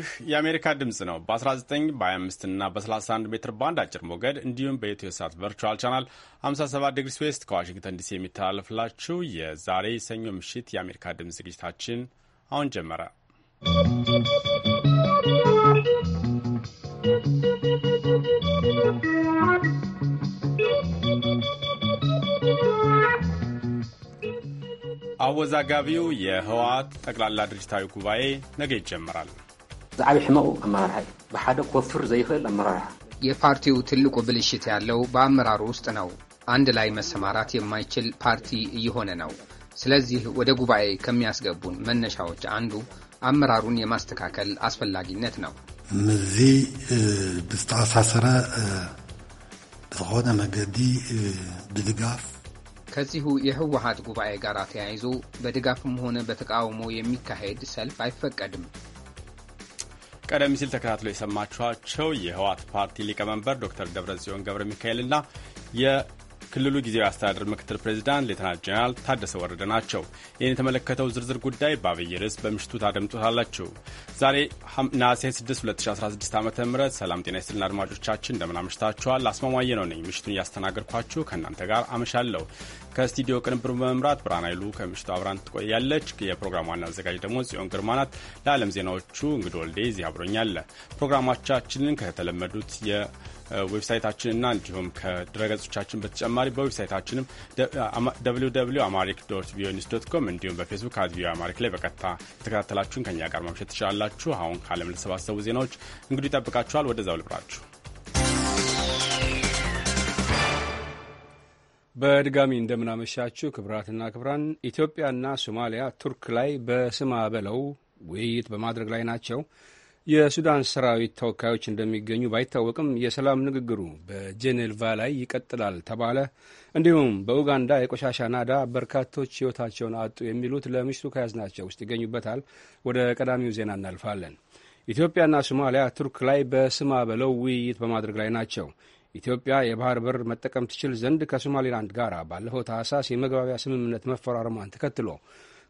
ይህ የአሜሪካ ድምፅ ነው። በ19 በ25 እና በ31 ሜትር ባንድ አጭር ሞገድ እንዲሁም በኢትዮ ሳት ቨርቹዋል ቻናል 57 ዲግሪ ስዌስት ከዋሽንግተን ዲሲ የሚተላለፍላችሁ የዛሬ ሰኞ ምሽት የአሜሪካ ድምፅ ዝግጅታችን አሁን ጀመረ። አወዛጋቢው የህወሓት ጠቅላላ ድርጅታዊ ጉባኤ ነገ ይጀምራል። ዓብይ ሕማቁ ኣመራርሓ እዩ ብሓደ ኮፍር ዘይኽእል ኣመራርሓ የፓርቲው ትልቁ ብልሽት ያለው በአመራሩ ውስጥ ነው። አንድ ላይ መሰማራት የማይችል ፓርቲ እየሆነ ነው። ስለዚህ ወደ ጉባኤ ከሚያስገቡን መነሻዎች አንዱ አመራሩን የማስተካከል አስፈላጊነት ነው። ምዚ ብዝተኣሳሰረ ብዝኾነ መገዲ ብድጋፍ ከዚሁ የህወሓት ጉባኤ ጋር ተያይዞ በድጋፍም ሆነ በተቃውሞ የሚካሄድ ሰልፍ አይፈቀድም። ቀደም ሲል ተከታትሎ የሰማችኋቸው የህወሓት ፓርቲ ሊቀመንበር ዶክተር ደብረጽዮን ገብረ ሚካኤልና ክልሉ ጊዜያዊ አስተዳደር ምክትል ፕሬዚዳንት ሌተና ጀኔራል ታደሰ ወረደ ናቸው። ይህን የተመለከተው ዝርዝር ጉዳይ በአብይ ርዕስ በምሽቱ ታደምጡታላችሁ። ዛሬ ነሐሴ 6 2016 ዓ ም ሰላም ጤና ይስጥልን አድማጮቻችን፣ እንደምናመሽታችኋል። አስማማየ ነው ነኝ ምሽቱን እያስተናገድኳችሁ ከእናንተ ጋር አመሻለሁ። ከስቱዲዮ ቅንብሩ በመምራት ብርሃን ኃይሉ ከምሽቱ አብራን ትቆያለች። የፕሮግራም ዋና አዘጋጅ ደግሞ ጽዮን ግርማ ናት። ለዓለም ዜናዎቹ እንግዶ ወልዴ እዚህ አብሮኛለ ፕሮግራማቻችንን ከተለመዱት የ ዌብሳይታችንና እንዲሁም ከድረገጾቻችን በተጨማሪ በዌብሳይታችንም ደብሊው አማሪክ ዶት ቪኦኤ ኒውስ ዶት ኮም እንዲሁም በፌስቡክ አት ቪኦኤ አማሪክ ላይ በቀጥታ የተከታተላችሁን ከኛ ጋር ማምሸት ትችላላችሁ። አሁን ከዓለም ለተሰባሰቡ ዜናዎች እንግዲህ ይጠብቃችኋል። ወደዛው ልብራችሁ በድጋሚ እንደምናመሻችሁ ክብራትና ክብራን። ኢትዮጵያና ሶማሊያ ቱርክ ላይ በስማ በለው ውይይት በማድረግ ላይ ናቸው። የሱዳን ሰራዊት ተወካዮች እንደሚገኙ ባይታወቅም የሰላም ንግግሩ በጄኔቫ ላይ ይቀጥላል ተባለ። እንዲሁም በኡጋንዳ የቆሻሻ ናዳ በርካቶች ሕይወታቸውን አጡ የሚሉት ለምሽቱ ከያዝናቸው ውስጥ ይገኙበታል። ወደ ቀዳሚው ዜና እናልፋለን። ኢትዮጵያና ሶማሊያ ቱርክ ላይ በስማ በለው ውይይት በማድረግ ላይ ናቸው። ኢትዮጵያ የባህር በር መጠቀም ትችል ዘንድ ከሶማሌላንድ ጋር ባለፈው ታህሳስ የመግባቢያ ስምምነት መፈራረሟን ተከትሎ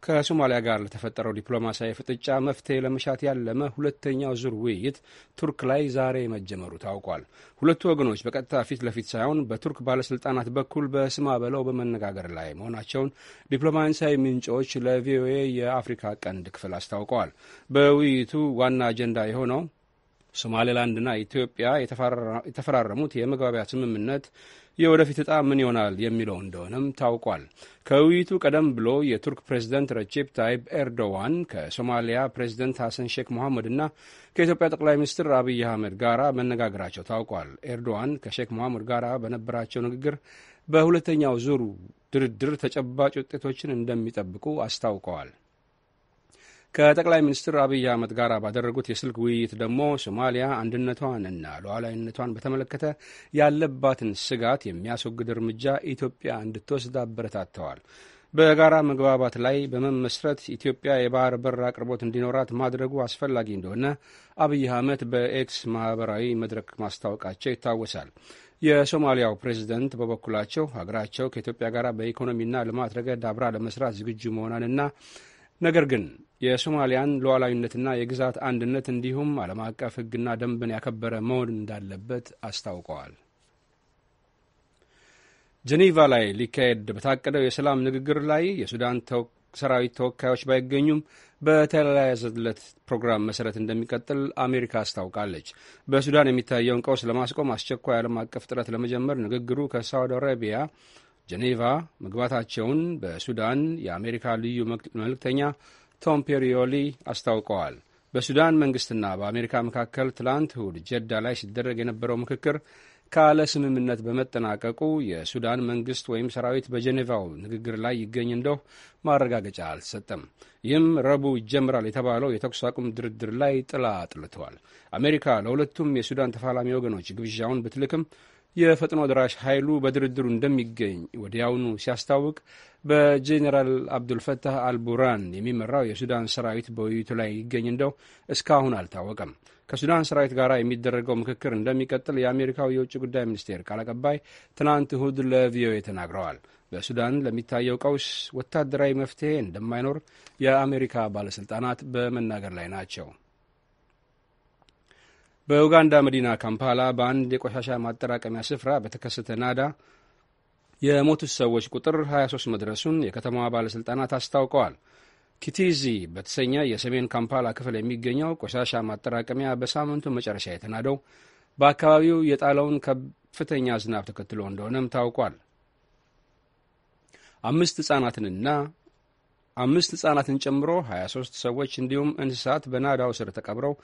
ከሶማሊያ ጋር ለተፈጠረው ዲፕሎማሲያዊ ፍጥጫ መፍትሄ ለመሻት ያለመ ሁለተኛው ዙር ውይይት ቱርክ ላይ ዛሬ መጀመሩ ታውቋል። ሁለቱ ወገኖች በቀጥታ ፊት ለፊት ሳይሆን በቱርክ ባለስልጣናት በኩል በስማ በለው በመነጋገር ላይ መሆናቸውን ዲፕሎማሲያዊ ምንጮች ለቪኦኤ የአፍሪካ ቀንድ ክፍል አስታውቀዋል። በውይይቱ ዋና አጀንዳ የሆነው ሶማሌላንድና ኢትዮጵያ የተፈራረሙት የመግባቢያ ስምምነት የወደፊት እጣ ምን ይሆናል የሚለው እንደሆነም ታውቋል። ከውይይቱ ቀደም ብሎ የቱርክ ፕሬዝደንት ረጀፕ ታይብ ኤርዶዋን ከሶማሊያ ፕሬዝደንት ሐሰን ሼክ መሐመድና ከኢትዮጵያ ጠቅላይ ሚኒስትር አብይ አህመድ ጋር መነጋገራቸው ታውቋል። ኤርዶዋን ከሼክ መሐመድ ጋር በነበራቸው ንግግር በሁለተኛው ዙር ድርድር ተጨባጭ ውጤቶችን እንደሚጠብቁ አስታውቀዋል። ከጠቅላይ ሚኒስትር አብይ አህመድ ጋር ባደረጉት የስልክ ውይይት ደግሞ ሶማሊያ አንድነቷንና ሉዓላዊነቷን በተመለከተ ያለባትን ስጋት የሚያስወግድ እርምጃ ኢትዮጵያ እንድትወስድ አበረታተዋል። በጋራ መግባባት ላይ በመመስረት ኢትዮጵያ የባህር በር አቅርቦት እንዲኖራት ማድረጉ አስፈላጊ እንደሆነ አብይ አህመድ በኤክስ ማህበራዊ መድረክ ማስታወቃቸው ይታወሳል። የሶማሊያው ፕሬዝደንት በበኩላቸው ሀገራቸው ከኢትዮጵያ ጋር በኢኮኖሚና ልማት ረገድ አብራ ለመስራት ዝግጁ መሆኗንና ነገር ግን የሶማሊያን ሉዓላዊነትና የግዛት አንድነት እንዲሁም ዓለም አቀፍ ሕግና ደንብን ያከበረ መሆን እንዳለበት አስታውቀዋል። ጀኔቫ ላይ ሊካሄድ በታቀደው የሰላም ንግግር ላይ የሱዳን ሰራዊት ተወካዮች ባይገኙም በተለያዘለት ፕሮግራም መሰረት እንደሚቀጥል አሜሪካ አስታውቃለች። በሱዳን የሚታየውን ቀውስ ለማስቆም አስቸኳይ ዓለም አቀፍ ጥረት ለመጀመር ንግግሩ ከሳውዲ አረቢያ ጄኔቫ መግባታቸውን በሱዳን የአሜሪካ ልዩ መልእክተኛ ቶም ፔሪዮሊ አስታውቀዋል። በሱዳን መንግስትና በአሜሪካ መካከል ትላንት እሁድ ጀዳ ላይ ሲደረግ የነበረው ምክክር ካለ ስምምነት በመጠናቀቁ የሱዳን መንግስት ወይም ሰራዊት በጀኔቫው ንግግር ላይ ይገኝ እንደው ማረጋገጫ አልተሰጠም። ይህም ረቡዕ ይጀምራል የተባለው የተኩስ አቁም ድርድር ላይ ጥላ አጥልተዋል። አሜሪካ ለሁለቱም የሱዳን ተፋላሚ ወገኖች ግብዣውን ብትልክም የፈጥኖ ደራሽ ኃይሉ በድርድሩ እንደሚገኝ ወዲያውኑ ሲያስታውቅ በጄኔራል አብዱልፈታህ አልቡራን የሚመራው የሱዳን ሰራዊት በውይይቱ ላይ ይገኝ እንደው እስካሁን አልታወቀም። ከሱዳን ሰራዊት ጋር የሚደረገው ምክክር እንደሚቀጥል የአሜሪካው የውጭ ጉዳይ ሚኒስቴር ቃል አቀባይ ትናንት እሁድ ለቪኦኤ ተናግረዋል። በሱዳን ለሚታየው ቀውስ ወታደራዊ መፍትሄ እንደማይኖር የአሜሪካ ባለሥልጣናት በመናገር ላይ ናቸው። በኡጋንዳ መዲና ካምፓላ በአንድ የቆሻሻ ማጠራቀሚያ ስፍራ በተከሰተ ናዳ የሞቱት ሰዎች ቁጥር 23 መድረሱን የከተማዋ ባለሥልጣናት አስታውቀዋል። ኪቲዚ በተሰኘ የሰሜን ካምፓላ ክፍል የሚገኘው ቆሻሻ ማጠራቀሚያ በሳምንቱ መጨረሻ የተናደው በአካባቢው የጣለውን ከፍተኛ ዝናብ ተከትሎ እንደሆነም ታውቋል። አምስት ሕፃናትንና አምስት ሕፃናትን ጨምሮ 23 ሰዎች እንዲሁም እንስሳት በናዳው ስር ተቀብረው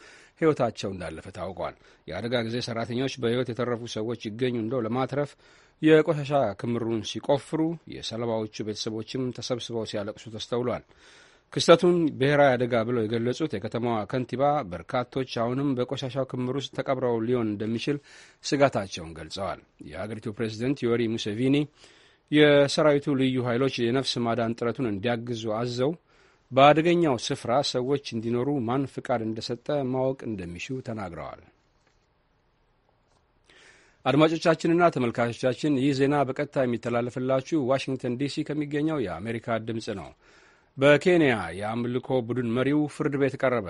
ሕይወታቸው እንዳለፈ ታውቋል። የአደጋ ጊዜ ሠራተኞች በሕይወት የተረፉ ሰዎች ይገኙ እንደው ለማትረፍ የቆሻሻ ክምሩን ሲቆፍሩ፣ የሰለባዎቹ ቤተሰቦችም ተሰብስበው ሲያለቅሱ ተስተውሏል። ክስተቱን ብሔራዊ አደጋ ብለው የገለጹት የከተማዋ ከንቲባ በርካቶች አሁንም በቆሻሻው ክምር ውስጥ ተቀብረው ሊሆን እንደሚችል ስጋታቸውን ገልጸዋል። የሀገሪቱ ፕሬዚደንት ዮሪ ሙሴቪኒ የሰራዊቱ ልዩ ኃይሎች የነፍስ ማዳን ጥረቱን እንዲያግዙ አዘው በአደገኛው ስፍራ ሰዎች እንዲኖሩ ማን ፍቃድ እንደሰጠ ማወቅ እንደሚሹ ተናግረዋል። አድማጮቻችንና ተመልካቾቻችን ይህ ዜና በቀጥታ የሚተላለፍላችሁ ዋሽንግተን ዲሲ ከሚገኘው የአሜሪካ ድምፅ ነው። በኬንያ የአምልኮ ቡድን መሪው ፍርድ ቤት ቀረበ።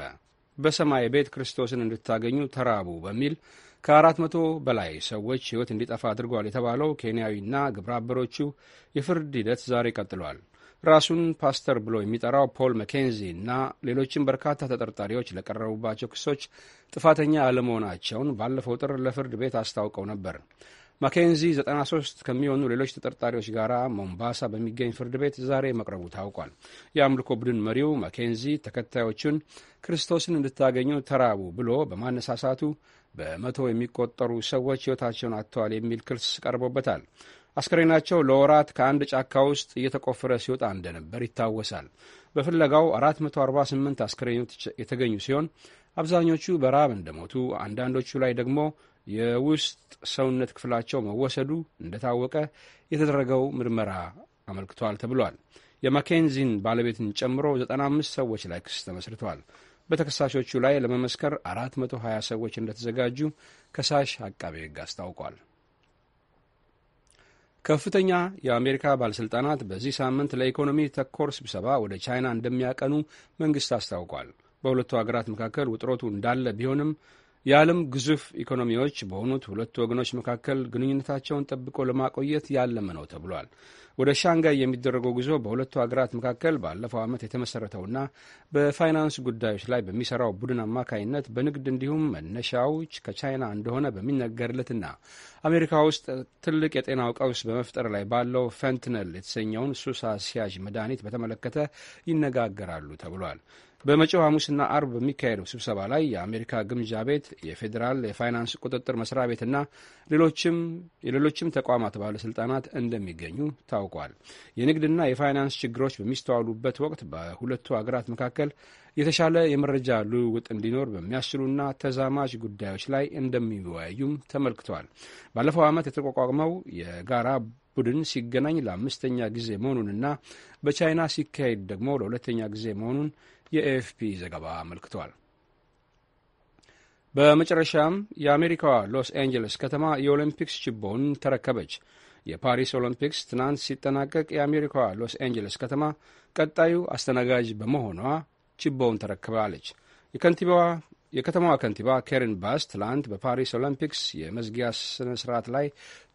በሰማይ ቤት ክርስቶስን እንድታገኙ ተራቡ በሚል ከአራት መቶ በላይ ሰዎች ሕይወት እንዲጠፋ አድርጓል የተባለው ኬንያዊና ግብረ አበሮቹ የፍርድ ሂደት ዛሬ ቀጥሏል። ራሱን ፓስተር ብሎ የሚጠራው ፖል መኬንዚ እና ሌሎችም በርካታ ተጠርጣሪዎች ለቀረቡባቸው ክሶች ጥፋተኛ አለመሆናቸውን ባለፈው ጥር ለፍርድ ቤት አስታውቀው ነበር። ማኬንዚ 93 ከሚሆኑ ሌሎች ተጠርጣሪዎች ጋር ሞምባሳ በሚገኝ ፍርድ ቤት ዛሬ መቅረቡ ታውቋል። የአምልኮ ቡድን መሪው ማኬንዚ ተከታዮቹን ክርስቶስን እንድታገኙ ተራቡ ብሎ በማነሳሳቱ በመቶ የሚቆጠሩ ሰዎች ሕይወታቸውን አጥተዋል የሚል ክስ ቀርቦበታል። አስከሬናቸው ለወራት ከአንድ ጫካ ውስጥ እየተቆፈረ ሲወጣ እንደነበር ይታወሳል። በፍለጋው 448 አስከሬኖች የተገኙ ሲሆን አብዛኞቹ በረሃብ እንደሞቱ፣ አንዳንዶቹ ላይ ደግሞ የውስጥ ሰውነት ክፍላቸው መወሰዱ እንደታወቀ የተደረገው ምርመራ አመልክቷል ተብሏል። የማኬንዚን ባለቤትን ጨምሮ 95 ሰዎች ላይ ክስ ተመስርቷል። በተከሳሾቹ ላይ ለመመስከር 420 ሰዎች እንደተዘጋጁ ከሳሽ አቃቤ ሕግ አስታውቋል። ከፍተኛ የአሜሪካ ባለሥልጣናት በዚህ ሳምንት ለኢኮኖሚ ተኮር ስብሰባ ወደ ቻይና እንደሚያቀኑ መንግሥት አስታውቋል። በሁለቱ ሀገራት መካከል ውጥረቱ እንዳለ ቢሆንም የዓለም ግዙፍ ኢኮኖሚዎች በሆኑት ሁለቱ ወገኖች መካከል ግንኙነታቸውን ጠብቆ ለማቆየት ያለመ ነው ተብሏል። ወደ ሻንጋይ የሚደረገው ጉዞ በሁለቱ ሀገራት መካከል ባለፈው ዓመት የተመሠረተውና በፋይናንስ ጉዳዮች ላይ በሚሠራው ቡድን አማካይነት በንግድ እንዲሁም መነሻዎች ከቻይና እንደሆነ በሚነገርለትና አሜሪካ ውስጥ ትልቅ የጤናው ቀውስ በመፍጠር ላይ ባለው ፈንትነል የተሰኘውን ሱስ አስያዥ መድኃኒት በተመለከተ ይነጋገራሉ ተብሏል። በመጪው ሐሙስና አርብ በሚካሄደው ስብሰባ ላይ የአሜሪካ ግምጃ ቤት፣ የፌዴራል የፋይናንስ ቁጥጥር መስሪያ ቤትና የሌሎችም ተቋማት ባለሥልጣናት እንደሚገኙ ታውቋል። የንግድና የፋይናንስ ችግሮች በሚስተዋሉበት ወቅት በሁለቱ ሀገራት መካከል የተሻለ የመረጃ ልውውጥ እንዲኖር በሚያስችሉና ተዛማጅ ጉዳዮች ላይ እንደሚወያዩም ተመልክቷል። ባለፈው ዓመት የተቋቋመው የጋራ ቡድን ሲገናኝ ለአምስተኛ ጊዜ መሆኑንና በቻይና ሲካሄድ ደግሞ ለሁለተኛ ጊዜ መሆኑን የኤኤፍፒ ዘገባ አመልክቷል። በመጨረሻም የአሜሪካዋ ሎስ አንጀለስ ከተማ የኦሎምፒክስ ችቦውን ተረከበች። የፓሪስ ኦሎምፒክስ ትናንት ሲጠናቀቅ የአሜሪካዋ ሎስ አንጀለስ ከተማ ቀጣዩ አስተናጋጅ በመሆኗ ችቦውን ተረክባለች። የከንቲባዋ የከተማዋ ከንቲባ ኬሪን ባስ ትላንት በፓሪስ ኦሎምፒክስ የመዝጊያ ስነ ስርዓት ላይ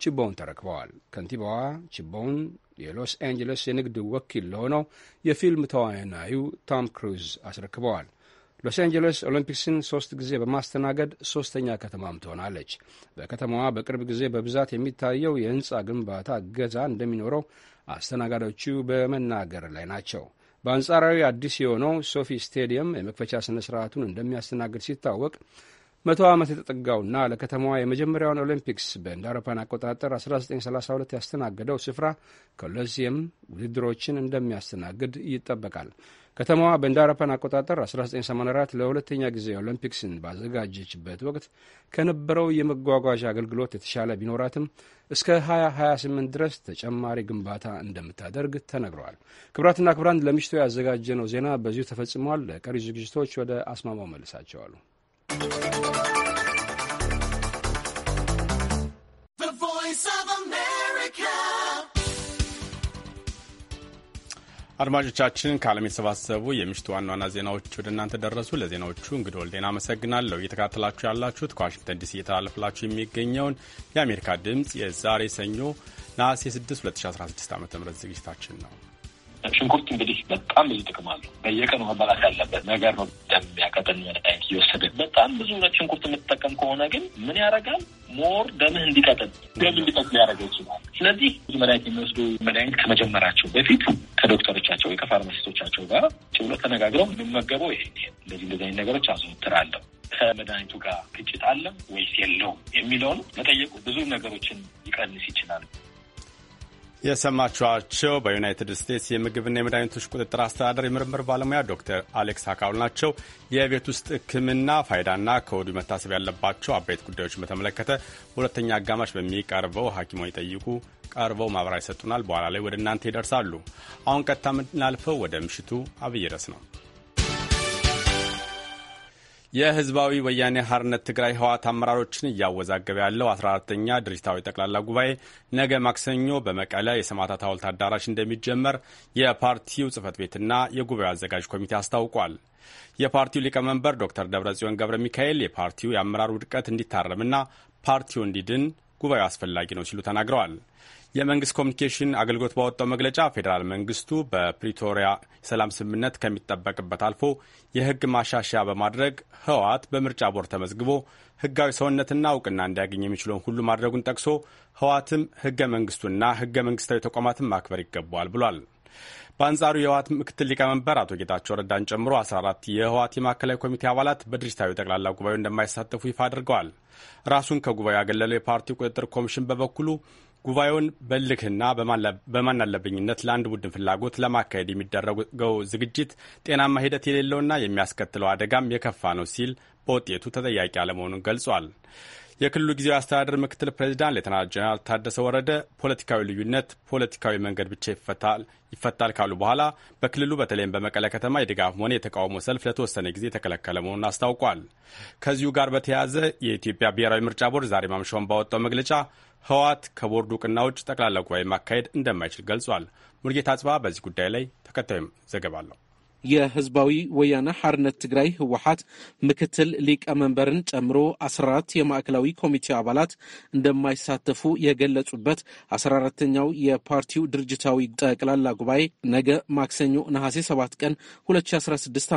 ችቦውን ተረክበዋል። ከንቲባዋ ችቦውን የሎስ አንጀለስ የንግድ ወኪል ለሆነው የፊልም ተዋናዩ ቶም ክሩዝ አስረክበዋል። ሎስ አንጀለስ ኦሎምፒክስን ሶስት ጊዜ በማስተናገድ ሶስተኛ ከተማም ትሆናለች። በከተማዋ በቅርብ ጊዜ በብዛት የሚታየው የህንፃ ግንባታ እገዛ እንደሚኖረው አስተናጋዶቹ በመናገር ላይ ናቸው። በአንጻራዊ አዲስ የሆነው ሶፊ ስቴዲየም የመክፈቻ ስነ ስርዓቱን እንደሚያስተናግድ ሲታወቅ መቶ ዓመት የተጠጋውና ለከተማዋ የመጀመሪያውን ኦሊምፒክስ በእንደ አውሮፓን አቆጣጠር 1932 ያስተናገደው ስፍራ ኮሎሲየም ውድድሮችን እንደሚያስተናግድ ይጠበቃል። ከተማዋ በእንዳረፈን አቆጣጠር 1984 ለሁለተኛ ጊዜ ኦሎምፒክስን ባዘጋጀችበት ወቅት ከነበረው የመጓጓዣ አገልግሎት የተሻለ ቢኖራትም እስከ 2028 ድረስ ተጨማሪ ግንባታ እንደምታደርግ ተነግረዋል። ክብራትና ክቡራን ለምሽቱ ያዘጋጀነው ዜና በዚሁ ተፈጽሟል። ለቀሪ ዝግጅቶች ወደ አስማማው መልሳቸዋሉ። አድማጮቻችን ከዓለም የተሰባሰቡ የምሽቱ ዋና ዋና ዜናዎች ወደ እናንተ ደረሱ። ለዜናዎቹ እንግዲህ ወልዴን አመሰግናለሁ። እየተከታተላችሁ ያላችሁት ከዋሽንግተን ዲሲ እየተላለፍላችሁ የሚገኘውን የአሜሪካ ድምፅ የዛሬ ሰኞ ነሐሴ 6 2016 ዓ ም ዝግጅታችን ነው። ሽንኩርት እንግዲህ በጣም ብዙ ጥቅም አለው። በየቀኑ መበላት ያለበት ነገር ነው። ደም ያቀጠን መድኃኒት እየወሰደ በጣም ብዙ ነጭ ሽንኩርት የምትጠቀም ከሆነ ግን ምን ያደርጋል? ሞር ደምህ እንዲቀጥል ደም እንዲቀጥል ሊያደርገው ይችላል። ስለዚህ ብዙ መድኃኒት የሚወስዱ መድኃኒት ከመጀመራቸው በፊት ከዶክተሮቻቸው ወይ ከፋርማሲስቶቻቸው ጋር ችብሎ ተነጋግረው የሚመገበው ይሄ እንደዚህ እንደዚህ አይነት ነገሮች አዘወትራለሁ ከመድኃኒቱ ጋር ግጭት አለም ወይስ የለውም የሚለውን መጠየቁ ብዙ ነገሮችን ሊቀንስ ይችላል። የሰማችኋቸው በዩናይትድ ስቴትስ የምግብና የመድኃኒቶች ቁጥጥር አስተዳደር የምርምር ባለሙያ ዶክተር አሌክስ አካውል ናቸው። የቤት ውስጥ ሕክምና ፋይዳና ከወዲሁ መታሰብ ያለባቸው አበይት ጉዳዮችን በተመለከተ በሁለተኛ አጋማሽ በሚቀርበው ሐኪሞን ይጠይቁ ቀርበው ማብራሪያ ይሰጡናል። በኋላ ላይ ወደ እናንተ ይደርሳሉ። አሁን ቀጥታ የምናልፈው ወደ ምሽቱ አብይ ርዕስ ነው። የህዝባዊ ወያኔ ሀርነት ትግራይ ህወሓት አመራሮችን እያወዛገበ ያለው 14ተኛ ድርጅታዊ ጠቅላላ ጉባኤ ነገ ማክሰኞ በመቀለ የሰማዕታት ሐውልት አዳራሽ እንደሚጀመር የፓርቲው ጽህፈት ቤትና የጉባኤው አዘጋጅ ኮሚቴ አስታውቋል። የፓርቲው ሊቀመንበር ዶክተር ደብረጽዮን ገብረ ሚካኤል የፓርቲው የአመራር ውድቀት እንዲታረምና ፓርቲው እንዲድን ጉባኤው አስፈላጊ ነው ሲሉ ተናግረዋል። የመንግስት ኮሚኒኬሽን አገልግሎት ባወጣው መግለጫ ፌዴራል መንግስቱ በፕሪቶሪያ ሰላም ስምምነት ከሚጠበቅበት አልፎ የህግ ማሻሻያ በማድረግ ህወሓት በምርጫ ቦርድ ተመዝግቦ ህጋዊ ሰውነትና እውቅና እንዲያገኝ የሚችለውን ሁሉ ማድረጉን ጠቅሶ ህወሓትም ህገ መንግስቱና ህገ መንግስታዊ ተቋማትን ማክበር ይገባዋል ብሏል። በአንጻሩ የህወሓት ምክትል ሊቀመንበር አቶ ጌታቸው ረዳን ጨምሮ 14 የህወሓት የማዕከላዊ ኮሚቴ አባላት በድርጅታዊ ጠቅላላ ጉባኤው እንደማይሳተፉ ይፋ አድርገዋል። ራሱን ከጉባኤው ያገለለው የፓርቲው ቁጥጥር ኮሚሽን በበኩሉ ጉባኤውን በልክና በማናለብኝነት ለአንድ ቡድን ፍላጎት ለማካሄድ የሚደረገው ዝግጅት ጤናማ ሂደት የሌለውና የሚያስከትለው አደጋም የከፋ ነው ሲል በውጤቱ ተጠያቂ አለመሆኑን ገልጿል። የክልሉ ጊዜያዊ አስተዳደር ምክትል ፕሬዚዳንት ሌተና ጀኔራል ታደሰ ወረደ ፖለቲካዊ ልዩነት ፖለቲካዊ መንገድ ብቻ ይፈታል ካሉ በኋላ በክልሉ በተለይም በመቀለ ከተማ የድጋፍም ሆነ የተቃውሞ ሰልፍ ለተወሰነ ጊዜ የተከለከለ መሆኑን አስታውቋል። ከዚሁ ጋር በተያያዘ የኢትዮጵያ ብሔራዊ ምርጫ ቦርድ ዛሬ ማምሻውን ባወጣው መግለጫ ህወሓት ከቦርዱ ዕውቅና ውጭ ጠቅላላ ጉባኤ ማካሄድ እንደማይችል ገልጿል። ሙልጌታ አጽባ በዚህ ጉዳይ ላይ ተከታዩም ዘገባ አለው። የህዝባዊ ወያነ ሐርነት ትግራይ ህወሓት ምክትል ሊቀመንበርን ጨምሮ 14 የማዕከላዊ ኮሚቴ አባላት እንደማይሳተፉ የገለጹበት 14 አራተኛው የፓርቲው ድርጅታዊ ጠቅላላ ጉባኤ ነገ ማክሰኞ ነሐሴ ሰባት ቀን ሁለት ሺ አስራ ስድስት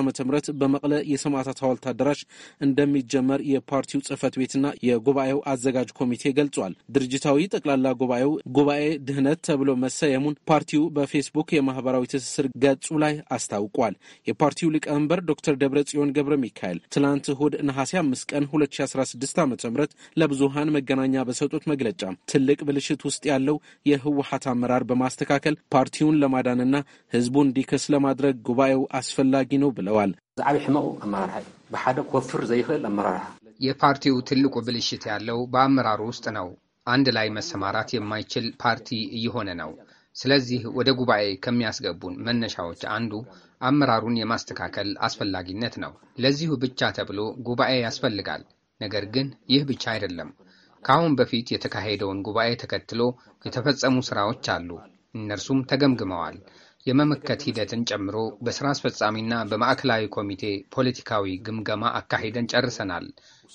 በመቅለ የሰማዕታት ሐውልት አዳራሽ እንደሚጀመር የፓርቲው ጽህፈት ቤትና የጉባኤው አዘጋጅ ኮሚቴ ገልጿል። ድርጅታዊ ጠቅላላ ጉባኤው ጉባኤ ድህነት ተብሎ መሰየሙን ፓርቲው በፌስቡክ የማህበራዊ ትስስር ገጹ ላይ አስታውቋል። ተናግረዋል። የፓርቲው ሊቀመንበር ዶክተር ደብረ ጽዮን ገብረ ሚካኤል ትናንት እሁድ ነሐሴ አምስት ቀን 2016 ዓ ም ለብዙሃን መገናኛ በሰጡት መግለጫ ትልቅ ብልሽት ውስጥ ያለው የህወሀት አመራር በማስተካከል ፓርቲውን ለማዳንና ህዝቡ እንዲከስ ለማድረግ ጉባኤው አስፈላጊ ነው ብለዋል። ዛዕብ ሕማቁ አመራርሓ እዩ ብሓደ ክወፍር ዘይኽእል አመራርሓ የፓርቲው ትልቁ ብልሽት ያለው በአመራሩ ውስጥ ነው። አንድ ላይ መሰማራት የማይችል ፓርቲ እየሆነ ነው። ስለዚህ ወደ ጉባኤ ከሚያስገቡን መነሻዎች አንዱ አመራሩን የማስተካከል አስፈላጊነት ነው። ለዚሁ ብቻ ተብሎ ጉባኤ ያስፈልጋል። ነገር ግን ይህ ብቻ አይደለም። ከአሁን በፊት የተካሄደውን ጉባኤ ተከትሎ የተፈጸሙ ስራዎች አሉ። እነርሱም ተገምግመዋል። የመመከት ሂደትን ጨምሮ በስራ አስፈጻሚና በማዕከላዊ ኮሚቴ ፖለቲካዊ ግምገማ አካሂደን ጨርሰናል።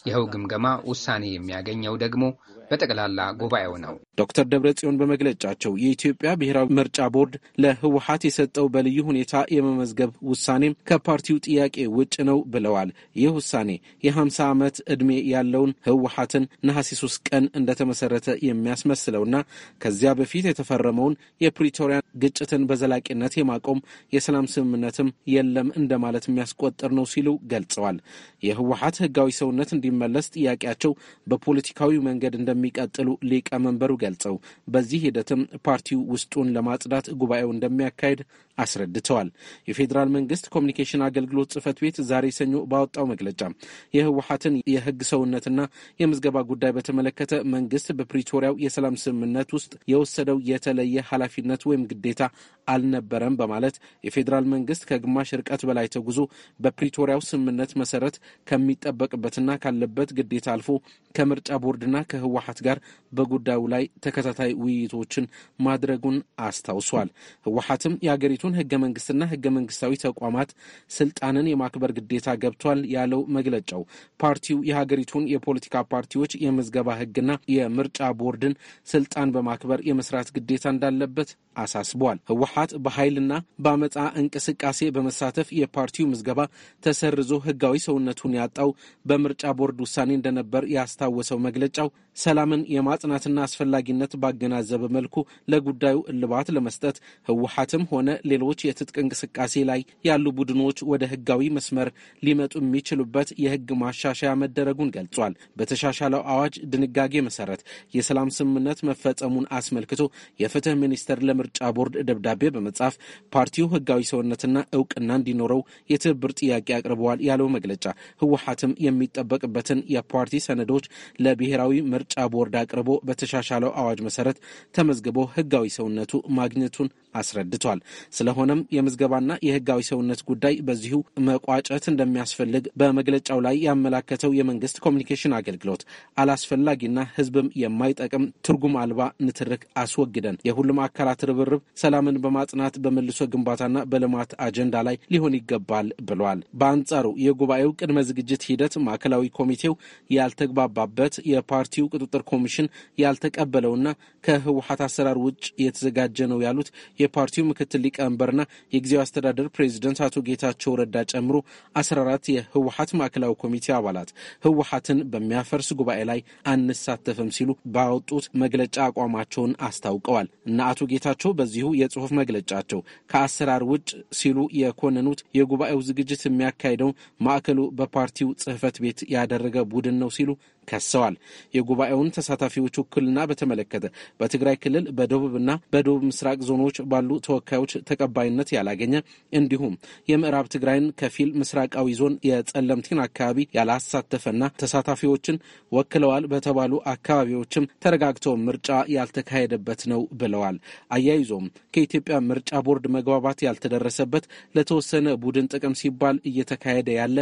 ይኸው ግምገማ ውሳኔ የሚያገኘው ደግሞ በጠቅላላ ጉባኤው ነው። ዶክተር ደብረጽዮን በመግለጫቸው የኢትዮጵያ ብሔራዊ ምርጫ ቦርድ ለህወሀት የሰጠው በልዩ ሁኔታ የመመዝገብ ውሳኔም ከፓርቲው ጥያቄ ውጭ ነው ብለዋል። ይህ ውሳኔ የ50 ዓመት ዕድሜ ያለውን ህወሀትን ነሐሴ 3 ቀን እንደተመሰረተ የሚያስመስለውና ከዚያ በፊት የተፈረመውን የፕሪቶሪያን ግጭትን በዘላቂነት የማቆም የሰላም ስምምነትም የለም እንደማለት የሚያስቆጥር ነው ሲሉ ገልጸዋል። የህወሀት ህጋዊ ሰውነት እንዲመለስ ጥያቄያቸው በፖለቲካዊ መንገድ እንደሚ እንደሚቀጥሉ ሊቀመንበሩ ገልጸው በዚህ ሂደትም ፓርቲው ውስጡን ለማጽዳት ጉባኤው እንደሚያካሄድ አስረድተዋል። የፌዴራል መንግስት ኮሚኒኬሽን አገልግሎት ጽህፈት ቤት ዛሬ ሰኞ ባወጣው መግለጫ የህወሀትን የህግ ሰውነትና የምዝገባ ጉዳይ በተመለከተ መንግስት በፕሪቶሪያው የሰላም ስምምነት ውስጥ የወሰደው የተለየ ኃላፊነት ወይም ግዴታ አልነበረም በማለት የፌዴራል መንግስት ከግማሽ ርቀት በላይ ተጉዞ በፕሪቶሪያው ስምምነት መሰረት ከሚጠበቅበትና ካለበት ግዴታ አልፎ ከምርጫ ቦርድና ከህወሀት ጋር በጉዳዩ ላይ ተከታታይ ውይይቶችን ማድረጉን አስታውሷል። ህወሀትም የአገሪቱን ህገ መንግስትና ህገ መንግስታዊ ተቋማት ስልጣንን የማክበር ግዴታ ገብቷል ያለው መግለጫው ፓርቲው የሀገሪቱን የፖለቲካ ፓርቲዎች የምዝገባ ህግና የምርጫ ቦርድን ስልጣን በማክበር የመስራት ግዴታ እንዳለበት አሳስቧል። ህወሀት በኃይልና በአመፃ እንቅስቃሴ በመሳተፍ የፓርቲው ምዝገባ ተሰርዞ ህጋዊ ሰውነቱን ያጣው በምርጫ ቦርድ ውሳኔ እንደነበር ያስታወሰው መግለጫው ሰላምን የማጽናትና አስፈላጊነት ባገናዘበ መልኩ ለጉዳዩ እልባት ለመስጠት ህወሀትም ሆነ ሌሎች የትጥቅ እንቅስቃሴ ላይ ያሉ ቡድኖች ወደ ህጋዊ መስመር ሊመጡ የሚችሉበት የህግ ማሻሻያ መደረጉን ገልጿል። በተሻሻለው አዋጅ ድንጋጌ መሰረት የሰላም ስምምነት መፈጸሙን አስመልክቶ የፍትህ ሚኒስቴር ለምርጫ ቦርድ ደብዳቤ በመጻፍ ፓርቲው ህጋዊ ሰውነትና እውቅና እንዲኖረው የትብብር ጥያቄ አቅርበዋል ያለው መግለጫ ህወሀትም የሚጠበቅበትን የፓርቲ ሰነዶች ለብሔራዊ ምርጫ ቦርድ አቅርቦ በተሻሻለው አዋጅ መሰረት ተመዝግቦ ህጋዊ ሰውነቱ ማግኘቱን አስረድቷል። ስለሆነም የምዝገባና የህጋዊ ሰውነት ጉዳይ በዚሁ መቋጨት እንደሚያስፈልግ በመግለጫው ላይ ያመላከተው የመንግስት ኮሚኒኬሽን አገልግሎት አላስፈላጊና ህዝብም የማይጠቅም ትርጉም አልባ ንትርክ አስወግደን የሁሉም አካላት ርብርብ ሰላምን በማጽናት በመልሶ ግንባታና በልማት አጀንዳ ላይ ሊሆን ይገባል ብሏል። በአንጻሩ የጉባኤው ቅድመ ዝግጅት ሂደት ማዕከላዊ ኮሚቴው ያልተግባባበት የፓርቲው ቁጥጥር ኮሚሽን ያልተቀበለውና ከህወሀት አሰራር ውጭ የተዘጋጀ ነው ያሉት የፓርቲው ምክትል ሊቀመንበርና የጊዜው አስተዳደር ፕሬዚደንት አቶ ጌታቸው ረዳ ጨምሮ 14 የህወሀት ማዕከላዊ ኮሚቴ አባላት ህወሀትን በሚያፈርስ ጉባኤ ላይ አንሳተፍም ሲሉ ባወጡት መግለጫ አቋማቸውን አስታውቀዋል እና አቶ ጌታቸው በዚሁ የጽሁፍ መግለጫቸው ከአሰራር ውጭ ሲሉ የኮነኑት የጉባኤው ዝግጅት የሚያካሂደው ማዕከሉ በፓርቲው ጽህፈት ቤት ያደረገ ቡድን ነው ሲሉ ከሰዋል። የጉባኤውን ተሳታፊዎች ውክልና በተመለከተ በትግራይ ክልል በደቡብና በደቡብ ምስራቅ ዞኖች ባሉ ተወካዮች ተቀባይነት ያላገኘ እንዲሁም የምዕራብ ትግራይን ከፊል ምስራቃዊ ዞን የጸለምቲን አካባቢ ያላሳተፈና ተሳታፊዎችን ወክለዋል በተባሉ አካባቢዎችም ተረጋግተው ምርጫ ያልተካሄደበት ነው ብለዋል። አያይዞም ከኢትዮጵያ ምርጫ ቦርድ መግባባት ያልተደረሰበት ለተወሰነ ቡድን ጥቅም ሲባል እየተካሄደ ያለ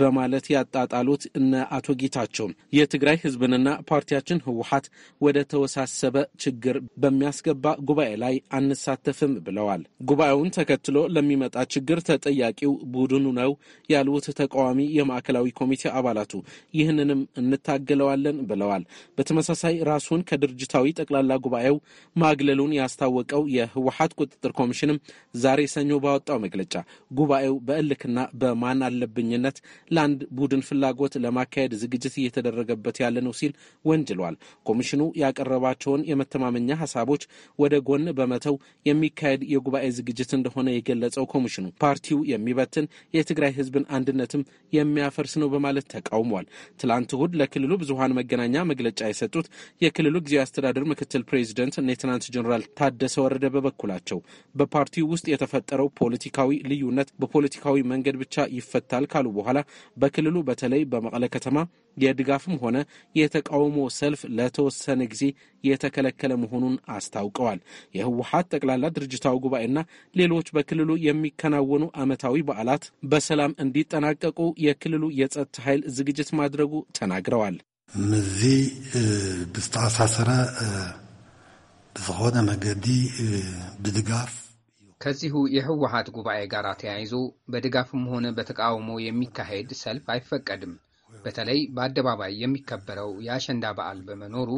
በማለት ያጣጣሉት እነ አቶ ጌታቸው የትግራይ ህዝብንና ፓርቲያችን ህወሀት ወደ ተወሳሰበ ችግር በሚያስገባ ጉባኤ ላይ አንሳተፍም ብለዋል። ጉባኤውን ተከትሎ ለሚመጣ ችግር ተጠያቂው ቡድኑ ነው ያሉት ተቃዋሚ የማዕከላዊ ኮሚቴ አባላቱ ይህንንም እንታገለዋለን ብለዋል። በተመሳሳይ ራሱን ከድርጅታዊ ጠቅላላ ጉባኤው ማግለሉን ያስታወቀው የህወሀት ቁጥጥር ኮሚሽንም ዛሬ ሰኞ ባወጣው መግለጫ ጉባኤው በእልክና በማን አለብኝነት ለአንድ ቡድን ፍላጎት ለማካሄድ ዝግጅት እየተደረገ እየተሰራበት ያለ ነው ሲል ወንጅሏል። ኮሚሽኑ ያቀረባቸውን የመተማመኛ ሀሳቦች ወደ ጎን በመተው የሚካሄድ የጉባኤ ዝግጅት እንደሆነ የገለጸው ኮሚሽኑ ፓርቲው የሚበትን የትግራይ ህዝብን አንድነትም የሚያፈርስ ነው በማለት ተቃውሟል። ትላንት እሁድ ለክልሉ ብዙሀን መገናኛ መግለጫ የሰጡት የክልሉ ጊዜያዊ አስተዳደር ምክትል ፕሬዚደንት ሌትናንት ጀኔራል ታደሰ ወረደ በበኩላቸው በፓርቲው ውስጥ የተፈጠረው ፖለቲካዊ ልዩነት በፖለቲካዊ መንገድ ብቻ ይፈታል ካሉ በኋላ በክልሉ በተለይ በመቀለ ከተማ የድጋፍም ሆነ የተቃውሞ ሰልፍ ለተወሰነ ጊዜ የተከለከለ መሆኑን አስታውቀዋል። የህወሀት ጠቅላላ ድርጅታዊ ጉባኤና ሌሎች በክልሉ የሚከናወኑ ዓመታዊ በዓላት በሰላም እንዲጠናቀቁ የክልሉ የጸጥታ ኃይል ዝግጅት ማድረጉ ተናግረዋል። ምዚ ብዝተኣሳሰረ ብዝኾነ መገዲ ብድጋፍ ከዚሁ የህወሀት ጉባኤ ጋር ተያይዞ በድጋፍም ሆነ በተቃውሞ የሚካሄድ ሰልፍ አይፈቀድም። በተለይ በአደባባይ የሚከበረው የአሸንዳ በዓል በመኖሩ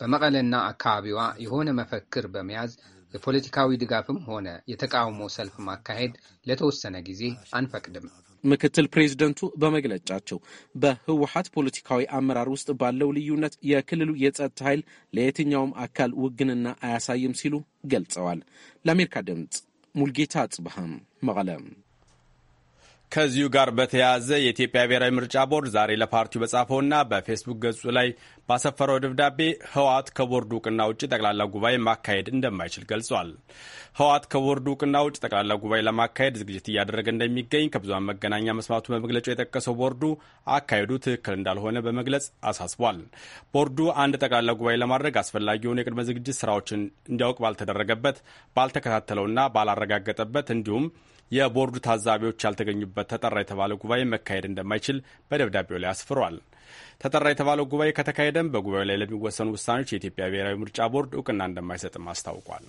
በመቀለና አካባቢዋ የሆነ መፈክር በመያዝ የፖለቲካዊ ድጋፍም ሆነ የተቃውሞ ሰልፍ ማካሄድ ለተወሰነ ጊዜ አንፈቅድም። ምክትል ፕሬዚደንቱ በመግለጫቸው በህወሀት ፖለቲካዊ አመራር ውስጥ ባለው ልዩነት የክልሉ የጸጥታ ኃይል ለየትኛውም አካል ውግንና አያሳይም ሲሉ ገልጸዋል። ለአሜሪካ ድምፅ ሙልጌታ አጽብሃም መቀለም ከዚሁ ጋር በተያያዘ የኢትዮጵያ ብሔራዊ ምርጫ ቦርድ ዛሬ ለፓርቲው በጻፈውና በፌስቡክ ገጹ ላይ ባሰፈረው ደብዳቤ ህወሓት ከቦርዱ እውቅና ውጭ ጠቅላላ ጉባኤ ማካሄድ እንደማይችል ገልጿል። ህወሓት ከቦርዱ እውቅና ውጭ ጠቅላላ ጉባኤ ለማካሄድ ዝግጅት እያደረገ እንደሚገኝ ከብዙሃን መገናኛ መስማቱ በመግለጫው የጠቀሰው ቦርዱ አካሄዱ ትክክል እንዳልሆነ በመግለጽ አሳስቧል። ቦርዱ አንድ ጠቅላላ ጉባኤ ለማድረግ አስፈላጊውን የቅድመ ዝግጅት ስራዎችን እንዲያውቅ ባልተደረገበት፣ ባልተከታተለውና ባላረጋገጠበት እንዲሁም የቦርዱ ታዛቢዎች ያልተገኙበት ተጠራ የተባለው ጉባኤ መካሄድ እንደማይችል በደብዳቤው ላይ አስፍሯል። ተጠራ የተባለው ጉባኤ ከተካሄደም በጉባኤው ላይ ለሚወሰኑ ውሳኔዎች የኢትዮጵያ ብሔራዊ ምርጫ ቦርድ እውቅና እንደማይሰጥም አስታውቋል።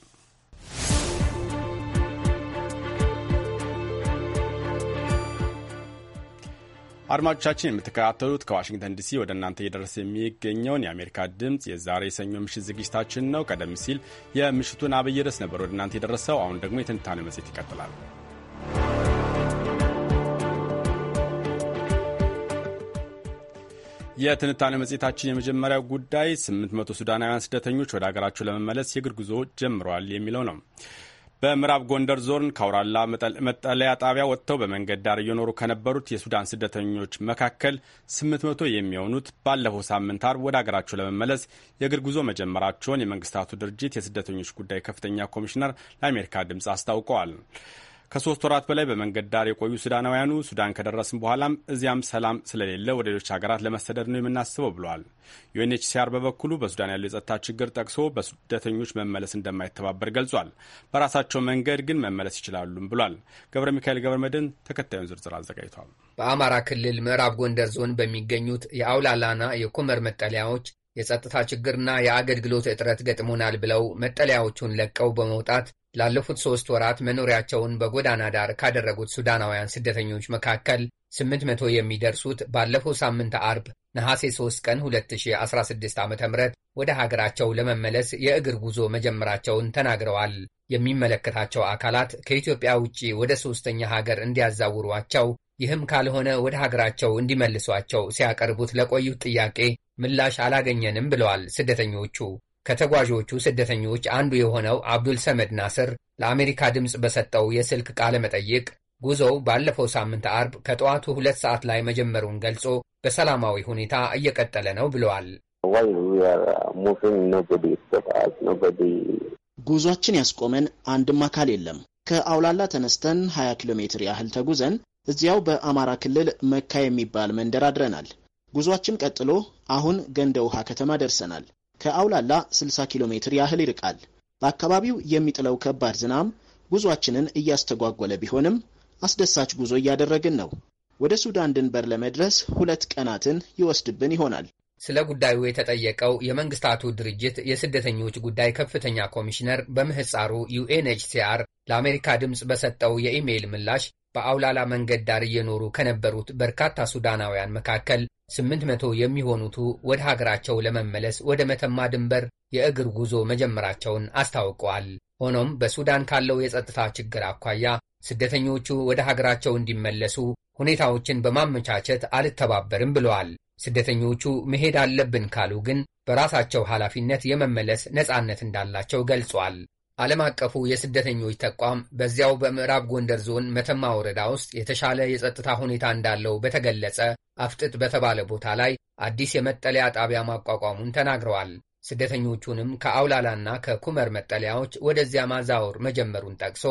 አድማጮቻችን የምትከታተሉት ከዋሽንግተን ዲሲ ወደ እናንተ እየደረሰ የሚገኘውን የአሜሪካ ድምፅ የዛሬ የሰኞ ምሽት ዝግጅታችን ነው። ቀደም ሲል የምሽቱን አብይ ርዕስ ነበር ወደ እናንተ የደረሰው። አሁን ደግሞ የትንታኔ መጽሔት ይቀጥላል። የትንታኔ መጽሔታችን የመጀመሪያው ጉዳይ 800 ሱዳናውያን ስደተኞች ወደ አገራቸው ለመመለስ የእግር ጉዞ ጀምረዋል የሚለው ነው። በምዕራብ ጎንደር ዞን ካውራላ መጠለያ ጣቢያ ወጥተው በመንገድ ዳር እየኖሩ ከነበሩት የሱዳን ስደተኞች መካከል 800 የሚሆኑት ባለፈው ሳምንት አርብ ወደ አገራቸው ለመመለስ የእግር ጉዞ መጀመራቸውን የመንግስታቱ ድርጅት የስደተኞች ጉዳይ ከፍተኛ ኮሚሽነር ለአሜሪካ ድምፅ አስታውቀዋል። ከሶስት ወራት በላይ በመንገድ ዳር የቆዩ ሱዳናውያኑ ሱዳን ከደረስን በኋላም እዚያም ሰላም ስለሌለ ወደ ሌሎች ሀገራት ለመሰደድ ነው የምናስበው ብለዋል። ዩኤንኤችሲአር በበኩሉ በሱዳን ያለው የጸጥታ ችግር ጠቅሶ በስደተኞች መመለስ እንደማይተባበር ገልጿል። በራሳቸው መንገድ ግን መመለስ ይችላሉም ብሏል። ገብረ ሚካኤል ገብረ መድን ተከታዩን ዝርዝር አዘጋጅቷል። በአማራ ክልል ምዕራብ ጎንደር ዞን በሚገኙት የአውላላና የኩመር መጠለያዎች የጸጥታ ችግርና የአገልግሎት እጥረት ገጥሞናል ብለው መጠለያዎቹን ለቀው በመውጣት ላለፉት ሶስት ወራት መኖሪያቸውን በጎዳና ዳር ካደረጉት ሱዳናውያን ስደተኞች መካከል 800 የሚደርሱት ባለፈው ሳምንት አርብ ነሐሴ 3 ቀን 2016 ዓ ም ወደ ሀገራቸው ለመመለስ የእግር ጉዞ መጀመራቸውን ተናግረዋል። የሚመለከታቸው አካላት ከኢትዮጵያ ውጭ ወደ ሦስተኛ ሀገር እንዲያዛውሯቸው ይህም ካልሆነ ወደ ሀገራቸው እንዲመልሷቸው ሲያቀርቡት ለቆዩት ጥያቄ ምላሽ አላገኘንም ብለዋል ስደተኞቹ። ከተጓዦቹ ስደተኞች አንዱ የሆነው አብዱል ሰመድ ናስር ለአሜሪካ ድምፅ በሰጠው የስልክ ቃለ መጠይቅ ጉዞው ባለፈው ሳምንት አርብ ከጠዋቱ ሁለት ሰዓት ላይ መጀመሩን ገልጾ በሰላማዊ ሁኔታ እየቀጠለ ነው ብለዋል። ጉዟችን ያስቆመን አንድም አካል የለም። ከአውላላ ተነስተን 20 ኪሎ ሜትር ያህል ተጉዘን እዚያው በአማራ ክልል መካ የሚባል መንደር አድረናል። ጉዟችን ቀጥሎ አሁን ገንደ ውሃ ከተማ ደርሰናል። ከአውላላ 60 ኪሎ ሜትር ያህል ይርቃል። በአካባቢው የሚጥለው ከባድ ዝናብ ጉዟችንን እያስተጓጎለ ቢሆንም አስደሳች ጉዞ እያደረግን ነው። ወደ ሱዳን ድንበር ለመድረስ ሁለት ቀናትን ይወስድብን ይሆናል። ስለ ጉዳዩ የተጠየቀው የመንግስታቱ ድርጅት የስደተኞች ጉዳይ ከፍተኛ ኮሚሽነር በምህፃሩ ዩኤንኤችሲአር ለአሜሪካ ድምፅ በሰጠው የኢሜይል ምላሽ በአውላላ መንገድ ዳር እየኖሩ ከነበሩት በርካታ ሱዳናውያን መካከል 800 የሚሆኑቱ ወደ ሀገራቸው ለመመለስ ወደ መተማ ድንበር የእግር ጉዞ መጀመራቸውን አስታውቀዋል። ሆኖም በሱዳን ካለው የጸጥታ ችግር አኳያ ስደተኞቹ ወደ ሀገራቸው እንዲመለሱ ሁኔታዎችን በማመቻቸት አልተባበርም ብለዋል። ስደተኞቹ መሄድ አለብን ካሉ ግን በራሳቸው ኃላፊነት የመመለስ ነጻነት እንዳላቸው ገልጿል። ዓለም አቀፉ የስደተኞች ተቋም በዚያው በምዕራብ ጎንደር ዞን መተማ ወረዳ ውስጥ የተሻለ የጸጥታ ሁኔታ እንዳለው በተገለጸ አፍጥጥ በተባለ ቦታ ላይ አዲስ የመጠለያ ጣቢያ ማቋቋሙን ተናግረዋል። ስደተኞቹንም ከአውላላና ከኩመር መጠለያዎች ወደዚያ ማዛወር መጀመሩን ጠቅሶ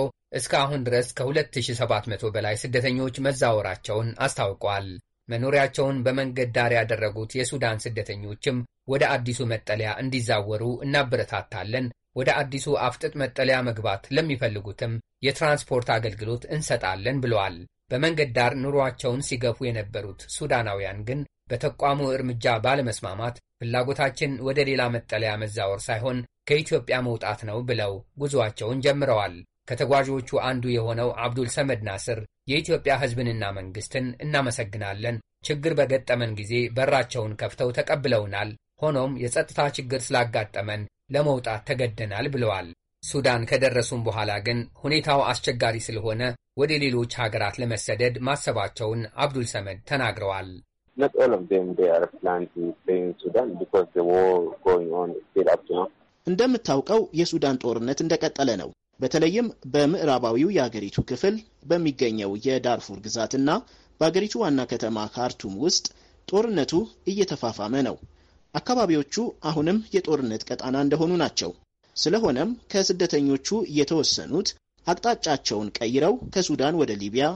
አሁን ድረስ ከ2700 በላይ ስደተኞች መዛወራቸውን አስታውቋል። መኖሪያቸውን በመንገድ ዳር ያደረጉት የሱዳን ስደተኞችም ወደ አዲሱ መጠለያ እንዲዛወሩ እናበረታታለን ወደ አዲሱ አፍጥጥ መጠለያ መግባት ለሚፈልጉትም የትራንስፖርት አገልግሎት እንሰጣለን ብለዋል። በመንገድ ዳር ኑሯቸውን ሲገፉ የነበሩት ሱዳናውያን ግን በተቋሙ እርምጃ ባለመስማማት ፍላጎታችን ወደ ሌላ መጠለያ መዛወር ሳይሆን ከኢትዮጵያ መውጣት ነው ብለው ጉዞአቸውን ጀምረዋል። ከተጓዦቹ አንዱ የሆነው አብዱል ሰመድ ናስር የኢትዮጵያ ሕዝብንና መንግስትን እናመሰግናለን። ችግር በገጠመን ጊዜ በራቸውን ከፍተው ተቀብለውናል። ሆኖም የጸጥታ ችግር ስላጋጠመን ለመውጣት ተገደናል ብለዋል። ሱዳን ከደረሱም በኋላ ግን ሁኔታው አስቸጋሪ ስለሆነ ወደ ሌሎች ሀገራት ለመሰደድ ማሰባቸውን አብዱል ሰመድ ተናግረዋል። እንደምታውቀው የሱዳን ጦርነት እንደቀጠለ ነው። በተለይም በምዕራባዊው የአገሪቱ ክፍል በሚገኘው የዳርፉር ግዛትና በአገሪቱ ዋና ከተማ ካርቱም ውስጥ ጦርነቱ እየተፋፋመ ነው። አካባቢዎቹ አሁንም የጦርነት ቀጣና እንደሆኑ ናቸው። ስለሆነም ከስደተኞቹ የተወሰኑት አቅጣጫቸውን ቀይረው ከሱዳን ወደ ሊቢያ፣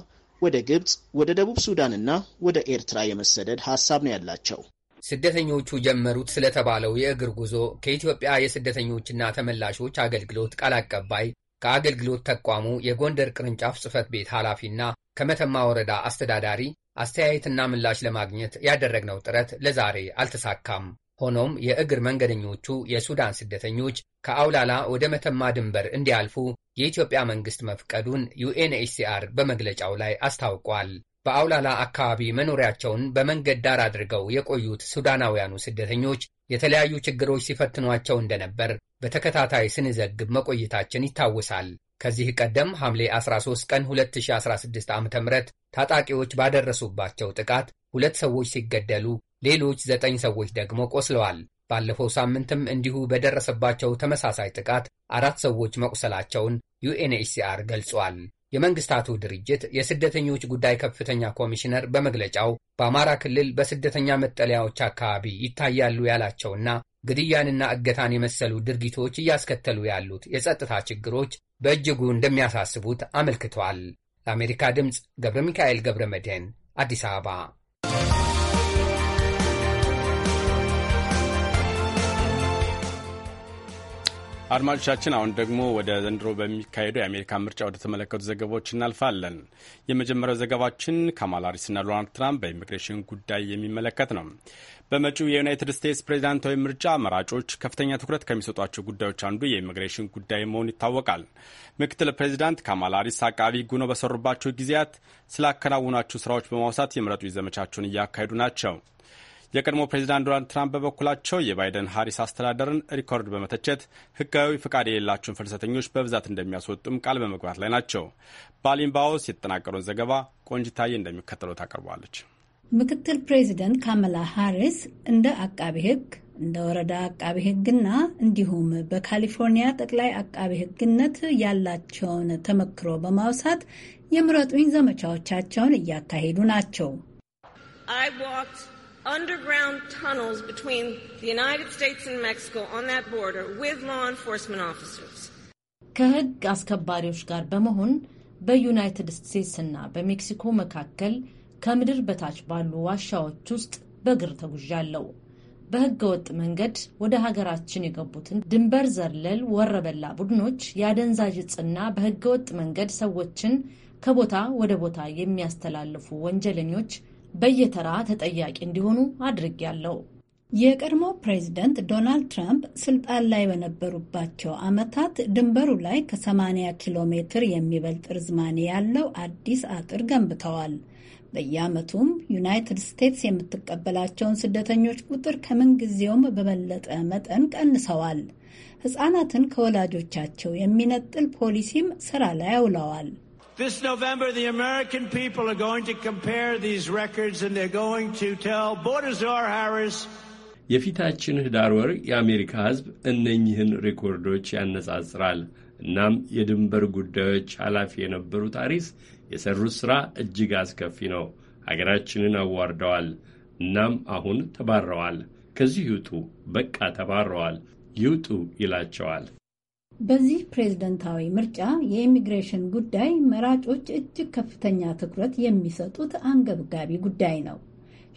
ወደ ግብፅ፣ ወደ ደቡብ ሱዳንና ወደ ኤርትራ የመሰደድ ሐሳብ ነው ያላቸው። ስደተኞቹ ጀመሩት ስለተባለው የእግር ጉዞ ከኢትዮጵያ የስደተኞችና ተመላሾች አገልግሎት ቃል አቀባይ ከአገልግሎት ተቋሙ የጎንደር ቅርንጫፍ ጽሕፈት ቤት ኃላፊና ከመተማ ወረዳ አስተዳዳሪ አስተያየትና ምላሽ ለማግኘት ያደረግነው ጥረት ለዛሬ አልተሳካም። ሆኖም የእግር መንገደኞቹ የሱዳን ስደተኞች ከአውላላ ወደ መተማ ድንበር እንዲያልፉ የኢትዮጵያ መንግሥት መፍቀዱን ዩኤንኤችሲአር በመግለጫው ላይ አስታውቋል። በአውላላ አካባቢ መኖሪያቸውን በመንገድ ዳር አድርገው የቆዩት ሱዳናውያኑ ስደተኞች የተለያዩ ችግሮች ሲፈትኗቸው እንደነበር በተከታታይ ስንዘግብ መቆየታችን ይታወሳል። ከዚህ ቀደም ሐምሌ 13 ቀን 2016 ዓ ም ታጣቂዎች ባደረሱባቸው ጥቃት ሁለት ሰዎች ሲገደሉ ሌሎች ዘጠኝ ሰዎች ደግሞ ቆስለዋል። ባለፈው ሳምንትም እንዲሁ በደረሰባቸው ተመሳሳይ ጥቃት አራት ሰዎች መቁሰላቸውን ዩኤንኤችሲአር ገልጿል። የመንግስታቱ ድርጅት የስደተኞች ጉዳይ ከፍተኛ ኮሚሽነር በመግለጫው በአማራ ክልል በስደተኛ መጠለያዎች አካባቢ ይታያሉ ያላቸውና ግድያንና እገታን የመሰሉ ድርጊቶች እያስከተሉ ያሉት የጸጥታ ችግሮች በእጅጉ እንደሚያሳስቡት አመልክቷል። ለአሜሪካ ድምፅ ገብረ ሚካኤል ገብረ መድህን አዲስ አበባ አድማጮቻችን አሁን ደግሞ ወደ ዘንድሮ በሚካሄደው የአሜሪካ ምርጫ ወደ ተመለከቱ ዘገባዎች እናልፋለን። የመጀመሪያው ዘገባችን ካማላ ሃሪስና ዶናልድ ትራምፕ በኢሚግሬሽን ጉዳይ የሚመለከት ነው። በመጪው የዩናይትድ ስቴትስ ፕሬዚዳንታዊ ምርጫ መራጮች ከፍተኛ ትኩረት ከሚሰጧቸው ጉዳዮች አንዱ የኢሚግሬሽን ጉዳይ መሆኑ ይታወቃል። ምክትል ፕሬዚዳንት ካማላ ሃሪስ አቃቢ ጉኖ በሰሩባቸው ጊዜያት ስላከናውናቸው ስራዎች በማውሳት የምረጡ ዘመቻቸውን እያካሄዱ ናቸው። የቀድሞ ፕሬዚዳንት ዶናልድ ትራምፕ በበኩላቸው የባይደን ሀሪስ አስተዳደርን ሪኮርድ በመተቸት ህጋዊ ፍቃድ የሌላቸውን ፍልሰተኞች በብዛት እንደሚያስወጡም ቃል በመግባት ላይ ናቸው። ባሊምባውስ የተጠናቀረውን ዘገባ ቆንጅታዬ እንደሚከተለው ታቀርበዋለች። ምክትል ፕሬዚደንት ካመላ ሃሪስ እንደ አቃቤ ህግ እንደ ወረዳ አቃቤ ህግና እንዲሁም በካሊፎርኒያ ጠቅላይ አቃቤ ህግነት ያላቸውን ተመክሮ በማውሳት የምረጡኝ ዘመቻዎቻቸውን እያካሄዱ ናቸው። underground tunnels between the United States and Mexico on that border with law enforcement officers. ከህግ አስከባሪዎች ጋር በመሆን በዩናይትድ ስቴትስ እና በሜክሲኮ መካከል ከምድር በታች ባሉ ዋሻዎች ውስጥ በእግር ተጉዣለሁ። በህገ ወጥ መንገድ ወደ ሀገራችን የገቡትን ድንበር ዘለል ወረበላ ቡድኖች የአደንዛዥ እጽና በህገ ወጥ መንገድ ሰዎችን ከቦታ ወደ ቦታ የሚያስተላልፉ ወንጀለኞች በየተራ ተጠያቂ እንዲሆኑ ያለው የቀድሞ ፕሬዚደንት ዶናልድ ትራምፕ ስልጣን ላይ በነበሩባቸው ዓመታት ድንበሩ ላይ ከ80 ኪሎ ሜትር የሚበልጥ ርዝማኔ ያለው አዲስ አጥር ገንብተዋል። በየዓመቱም ዩናይትድ ስቴትስ የምትቀበላቸውን ስደተኞች ቁጥር ከምንጊዜውም በበለጠ መጠን ቀንሰዋል። ሕፃናትን ከወላጆቻቸው የሚነጥል ፖሊሲም ስራ ላይ አውለዋል። This November, the American people are going to compare these records and they're going to tell Baltazar Harris. የፊታችን ህዳር ወር የአሜሪካ ህዝብ እነኝህን ሬኮርዶች ያነጻጽራል። እናም የድንበር ጉዳዮች ኃላፊ የነበሩት ሃሪስ የሠሩት ሥራ እጅግ አስከፊ ነው። አገራችንን አዋርደዋል። እናም አሁን ተባረዋል። ከዚህ ይውጡ፣ በቃ ተባረዋል፣ ይውጡ ይላቸዋል። በዚህ ፕሬዝደንታዊ ምርጫ የኢሚግሬሽን ጉዳይ መራጮች እጅግ ከፍተኛ ትኩረት የሚሰጡት አንገብጋቢ ጉዳይ ነው።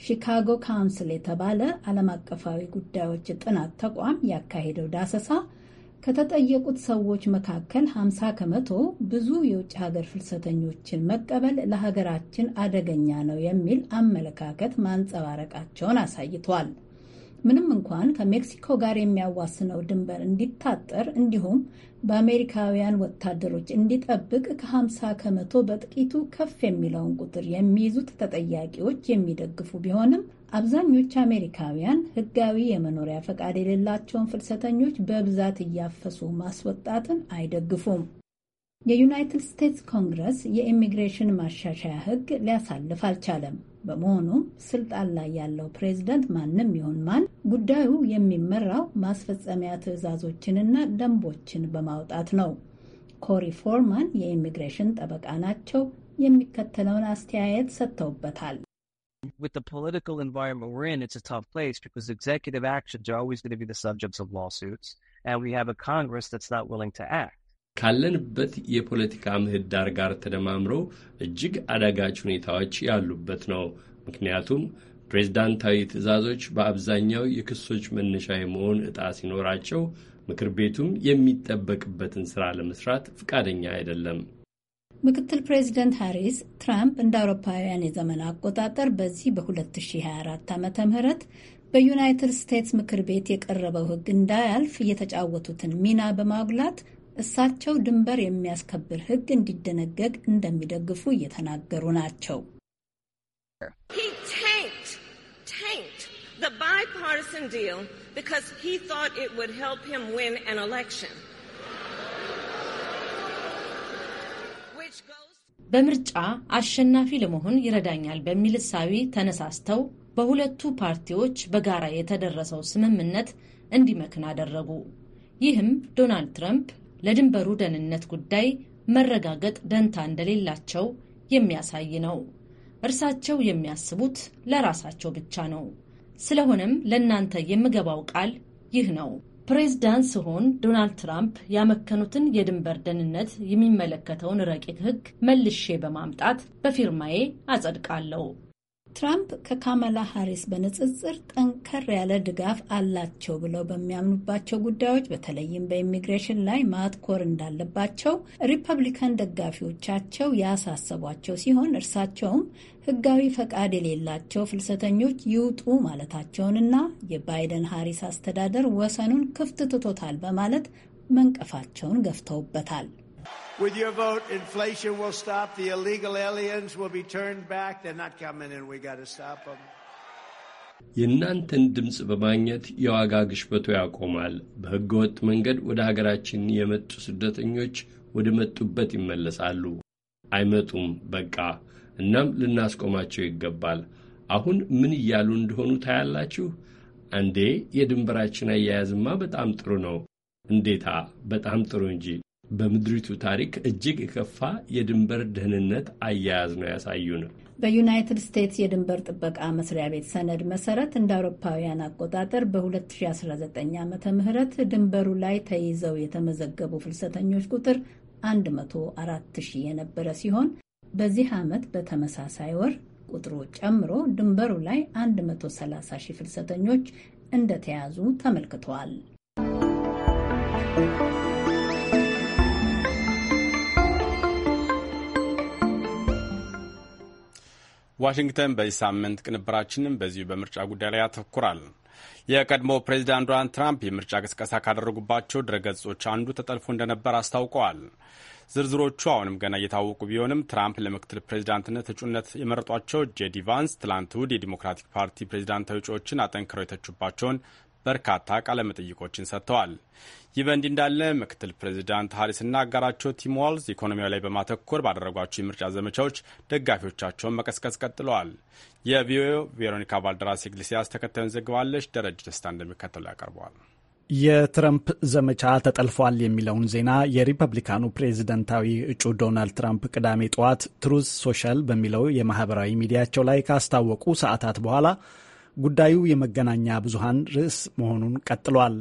ሺካጎ ካውንስል የተባለ ዓለም አቀፋዊ ጉዳዮች ጥናት ተቋም ያካሄደው ዳሰሳ ከተጠየቁት ሰዎች መካከል 50 ከመቶ ብዙ የውጭ ሀገር ፍልሰተኞችን መቀበል ለሀገራችን አደገኛ ነው የሚል አመለካከት ማንጸባረቃቸውን አሳይቷል። ምንም እንኳን ከሜክሲኮ ጋር የሚያዋስነው ድንበር እንዲታጠር እንዲሁም በአሜሪካውያን ወታደሮች እንዲጠብቅ ከ50 ከመቶ በጥቂቱ ከፍ የሚለውን ቁጥር የሚይዙት ተጠያቂዎች የሚደግፉ ቢሆንም አብዛኞቹ አሜሪካውያን ሕጋዊ የመኖሪያ ፈቃድ የሌላቸውን ፍልሰተኞች በብዛት እያፈሱ ማስወጣትን አይደግፉም። የዩናይትድ ስቴትስ ኮንግረስ የኢሚግሬሽን ማሻሻያ ሕግ ሊያሳልፍ አልቻለም። በመሆኑም ስልጣን ላይ ያለው ፕሬዝደንት ማንም ይሁን ማን ጉዳዩ የሚመራው ማስፈጸሚያ ትዕዛዞችንና ደንቦችን በማውጣት ነው። ኮሪ ፎርማን የኢሚግሬሽን ጠበቃ ናቸው። የሚከተለውን አስተያየት ሰጥተውበታል። with ካለንበት የፖለቲካ ምህዳር ጋር ተደማምሮ እጅግ አዳጋች ሁኔታዎች ያሉበት ነው። ምክንያቱም ፕሬዝዳንታዊ ትዕዛዞች በአብዛኛው የክሶች መነሻ የመሆን ዕጣ ሲኖራቸው፣ ምክር ቤቱም የሚጠበቅበትን ሥራ ለመስራት ፈቃደኛ አይደለም። ምክትል ፕሬዚደንት ሃሪስ ትራምፕ እንደ አውሮፓውያን የዘመን አቆጣጠር በዚህ በ2024 ዓ ም በዩናይትድ ስቴትስ ምክር ቤት የቀረበው ሕግ እንዳያልፍ እየተጫወቱትን ሚና በማጉላት እሳቸው ድንበር የሚያስከብር ሕግ እንዲደነገግ እንደሚደግፉ እየተናገሩ ናቸው። በምርጫ አሸናፊ ለመሆን ይረዳኛል በሚል እሳቢ ተነሳስተው በሁለቱ ፓርቲዎች በጋራ የተደረሰው ስምምነት እንዲመክን አደረጉ። ይህም ዶናልድ ትራምፕ ለድንበሩ ደህንነት ጉዳይ መረጋገጥ ደንታ እንደሌላቸው የሚያሳይ ነው። እርሳቸው የሚያስቡት ለራሳቸው ብቻ ነው። ስለሆነም ለእናንተ የምገባው ቃል ይህ ነው። ፕሬዝዳንት ስሆን ዶናልድ ትራምፕ ያመከኑትን የድንበር ደህንነት የሚመለከተውን ረቂቅ ሕግ መልሼ በማምጣት በፊርማዬ አጸድቃለሁ። ትራምፕ ከካማላ ሃሪስ በንጽጽር ጠንከር ያለ ድጋፍ አላቸው ብለው በሚያምኑባቸው ጉዳዮች በተለይም በኢሚግሬሽን ላይ ማትኮር እንዳለባቸው ሪፐብሊካን ደጋፊዎቻቸው ያሳሰቧቸው ሲሆን እርሳቸውም ሕጋዊ ፈቃድ የሌላቸው ፍልሰተኞች ይውጡ ማለታቸውንና የባይደን ሃሪስ አስተዳደር ወሰኑን ክፍት ትቶታል በማለት መንቀፋቸውን ገፍተውበታል። With your vote, inflation will stop. The illegal aliens will be turned back. They're not coming in. We got to stop them. የእናንተን ድምፅ በማግኘት የዋጋ ግሽበቱ ያቆማል። ወጥ መንገድ ወደ ሀገራችን የመጡ ስደተኞች ወደ መጡበት ይመለሳሉ። አይመጡም በቃ። እናም ልናስቆማቸው ይገባል። አሁን ምን እያሉ እንደሆኑ ታያላችሁ። አንዴ የድንበራችን አያያዝማ በጣም ጥሩ ነው። እንዴታ በጣም ጥሩ እንጂ በምድሪቱ ታሪክ እጅግ የከፋ የድንበር ደህንነት አያያዝ ነው ያሳዩን። በዩናይትድ ስቴትስ የድንበር ጥበቃ መስሪያ ቤት ሰነድ መሰረት እንደ አውሮፓውያን አቆጣጠር በ2019 ዓ ም ድንበሩ ላይ ተይዘው የተመዘገቡ ፍልሰተኞች ቁጥር 104,000 የነበረ ሲሆን በዚህ ዓመት በተመሳሳይ ወር ቁጥሩ ጨምሮ ድንበሩ ላይ 130,000 ፍልሰተኞች እንደተያዙ ተመልክተዋል። ዋሽንግተን በዚህ ሳምንት ቅንብራችንም በዚሁ በምርጫ ጉዳይ ላይ ያተኩራል። የቀድሞ ፕሬዚዳንት ዶናልድ ትራምፕ የምርጫ ቅስቀሳ ካደረጉባቸው ድረገጾች አንዱ ተጠልፎ እንደነበር አስታውቀዋል። ዝርዝሮቹ አሁንም ገና እየታወቁ ቢሆንም ትራምፕ ለምክትል ፕሬዚዳንትነት እጩነት የመረጧቸው ጄዲ ቫንስ ትላንት እሁድ የዲሞክራቲክ ፓርቲ ፕሬዚዳንታዊ እጩዎችን አጠንክረው የተቹባቸውን በርካታ ቃለመጠይቆችን ሰጥተዋል። ይህ በእንዲህ እንዳለ ምክትል ፕሬዚዳንት ሀሪስና አጋራቸው ቲም ዋልዝ ኢኮኖሚያው ላይ በማተኮር ባደረጓቸው የምርጫ ዘመቻዎች ደጋፊዎቻቸውን መቀስቀስ ቀጥለዋል። የቪኦኤው ቬሮኒካ ባልደራስ ኢግሌሲያስ ተከታዩን ዘግባለች። ደረጀ ደስታ እንደሚከተሉ ያቀርበዋል። የትረምፕ ዘመቻ ተጠልፏል የሚለውን ዜና የሪፐብሊካኑ ፕሬዝደንታዊ እጩ ዶናልድ ትራምፕ ቅዳሜ ጠዋት ትሩዝ ሶሻል በሚለው የማህበራዊ ሚዲያቸው ላይ ካስታወቁ ሰዓታት በኋላ ጉዳዩ የመገናኛ ብዙሃን ርዕስ መሆኑን ቀጥሏል።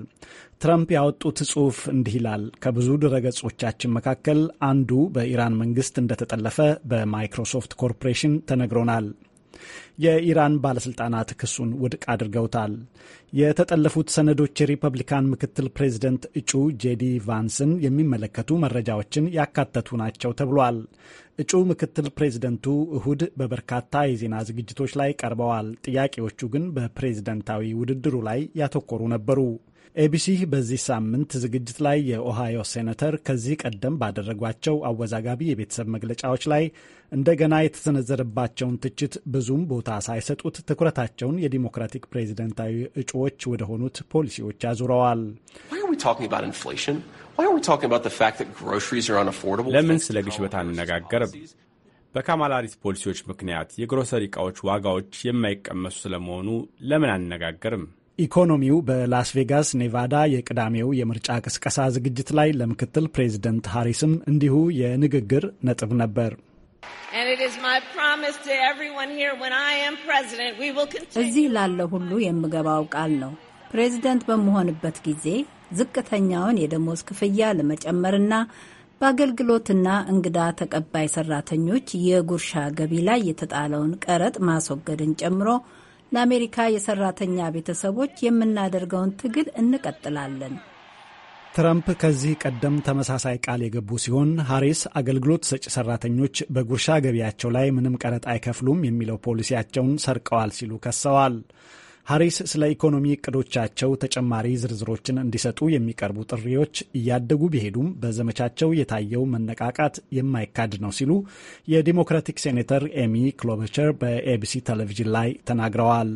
ትረምፕ ያወጡት ጽሑፍ እንዲህ ይላል። ከብዙ ድረገጾቻችን መካከል አንዱ በኢራን መንግስት እንደተጠለፈ በማይክሮሶፍት ኮርፖሬሽን ተነግሮናል። የኢራን ባለስልጣናት ክሱን ውድቅ አድርገውታል። የተጠለፉት ሰነዶች የሪፐብሊካን ምክትል ፕሬዚደንት እጩ ጄዲ ቫንስን የሚመለከቱ መረጃዎችን ያካተቱ ናቸው ተብሏል። እጩ ምክትል ፕሬዚደንቱ እሁድ በበርካታ የዜና ዝግጅቶች ላይ ቀርበዋል። ጥያቄዎቹ ግን በፕሬዝደንታዊ ውድድሩ ላይ ያተኮሩ ነበሩ። ኤቢሲ በዚህ ሳምንት ዝግጅት ላይ የኦሃዮ ሴኔተር ከዚህ ቀደም ባደረጓቸው አወዛጋቢ የቤተሰብ መግለጫዎች ላይ እንደገና የተሰነዘረባቸውን ትችት ብዙም ቦታ ሳይሰጡት ትኩረታቸውን የዲሞክራቲክ ፕሬዝደንታዊ እጩ አዋቂዎች ወደ ሆኑት ፖሊሲዎች አዙረዋል። ለምን ስለ ግሽበት አንነጋገርም? በካማላ ሃሪስ ፖሊሲዎች ምክንያት የግሮሰሪ እቃዎች ዋጋዎች የማይቀመሱ ስለመሆኑ ለምን አንነጋገርም? ኢኮኖሚው በላስ ቬጋስ ኔቫዳ የቅዳሜው የምርጫ ቅስቀሳ ዝግጅት ላይ ለምክትል ፕሬዚደንት ሃሪስም እንዲሁ የንግግር ነጥብ ነበር። እዚህ ላለ ሁሉ የምገባው ቃል ነው። ፕሬዚደንት በመሆንበት ጊዜ ዝቅተኛውን የደሞዝ ክፍያ ለመጨመርና በአገልግሎትና እንግዳ ተቀባይ ሰራተኞች የጉርሻ ገቢ ላይ የተጣለውን ቀረጥ ማስወገድን ጨምሮ ለአሜሪካ የሰራተኛ ቤተሰቦች የምናደርገውን ትግል እንቀጥላለን። ትራምፕ ከዚህ ቀደም ተመሳሳይ ቃል የገቡ ሲሆን ሀሪስ አገልግሎት ሰጪ ሰራተኞች በጉርሻ ገቢያቸው ላይ ምንም ቀረጥ አይከፍሉም የሚለው ፖሊሲያቸውን ሰርቀዋል ሲሉ ከሰዋል። ሀሪስ ስለ ኢኮኖሚ እቅዶቻቸው ተጨማሪ ዝርዝሮችን እንዲሰጡ የሚቀርቡ ጥሪዎች እያደጉ ቢሄዱም በዘመቻቸው የታየው መነቃቃት የማይካድ ነው ሲሉ የዲሞክራቲክ ሴኔተር ኤሚ ክሎበቸር በኤቢሲ ቴሌቪዥን ላይ ተናግረዋል።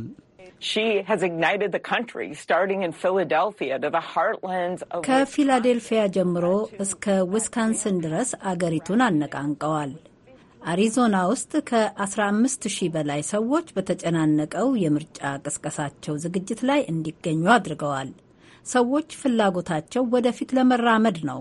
ከፊላዴልፊያ ጀምሮ እስከ ዊስካንስን ድረስ አገሪቱን አነቃንቀዋል። አሪዞና ውስጥ ከ15 ሺህ በላይ ሰዎች በተጨናነቀው የምርጫ ቅስቀሳቸው ዝግጅት ላይ እንዲገኙ አድርገዋል። ሰዎች ፍላጎታቸው ወደፊት ለመራመድ ነው።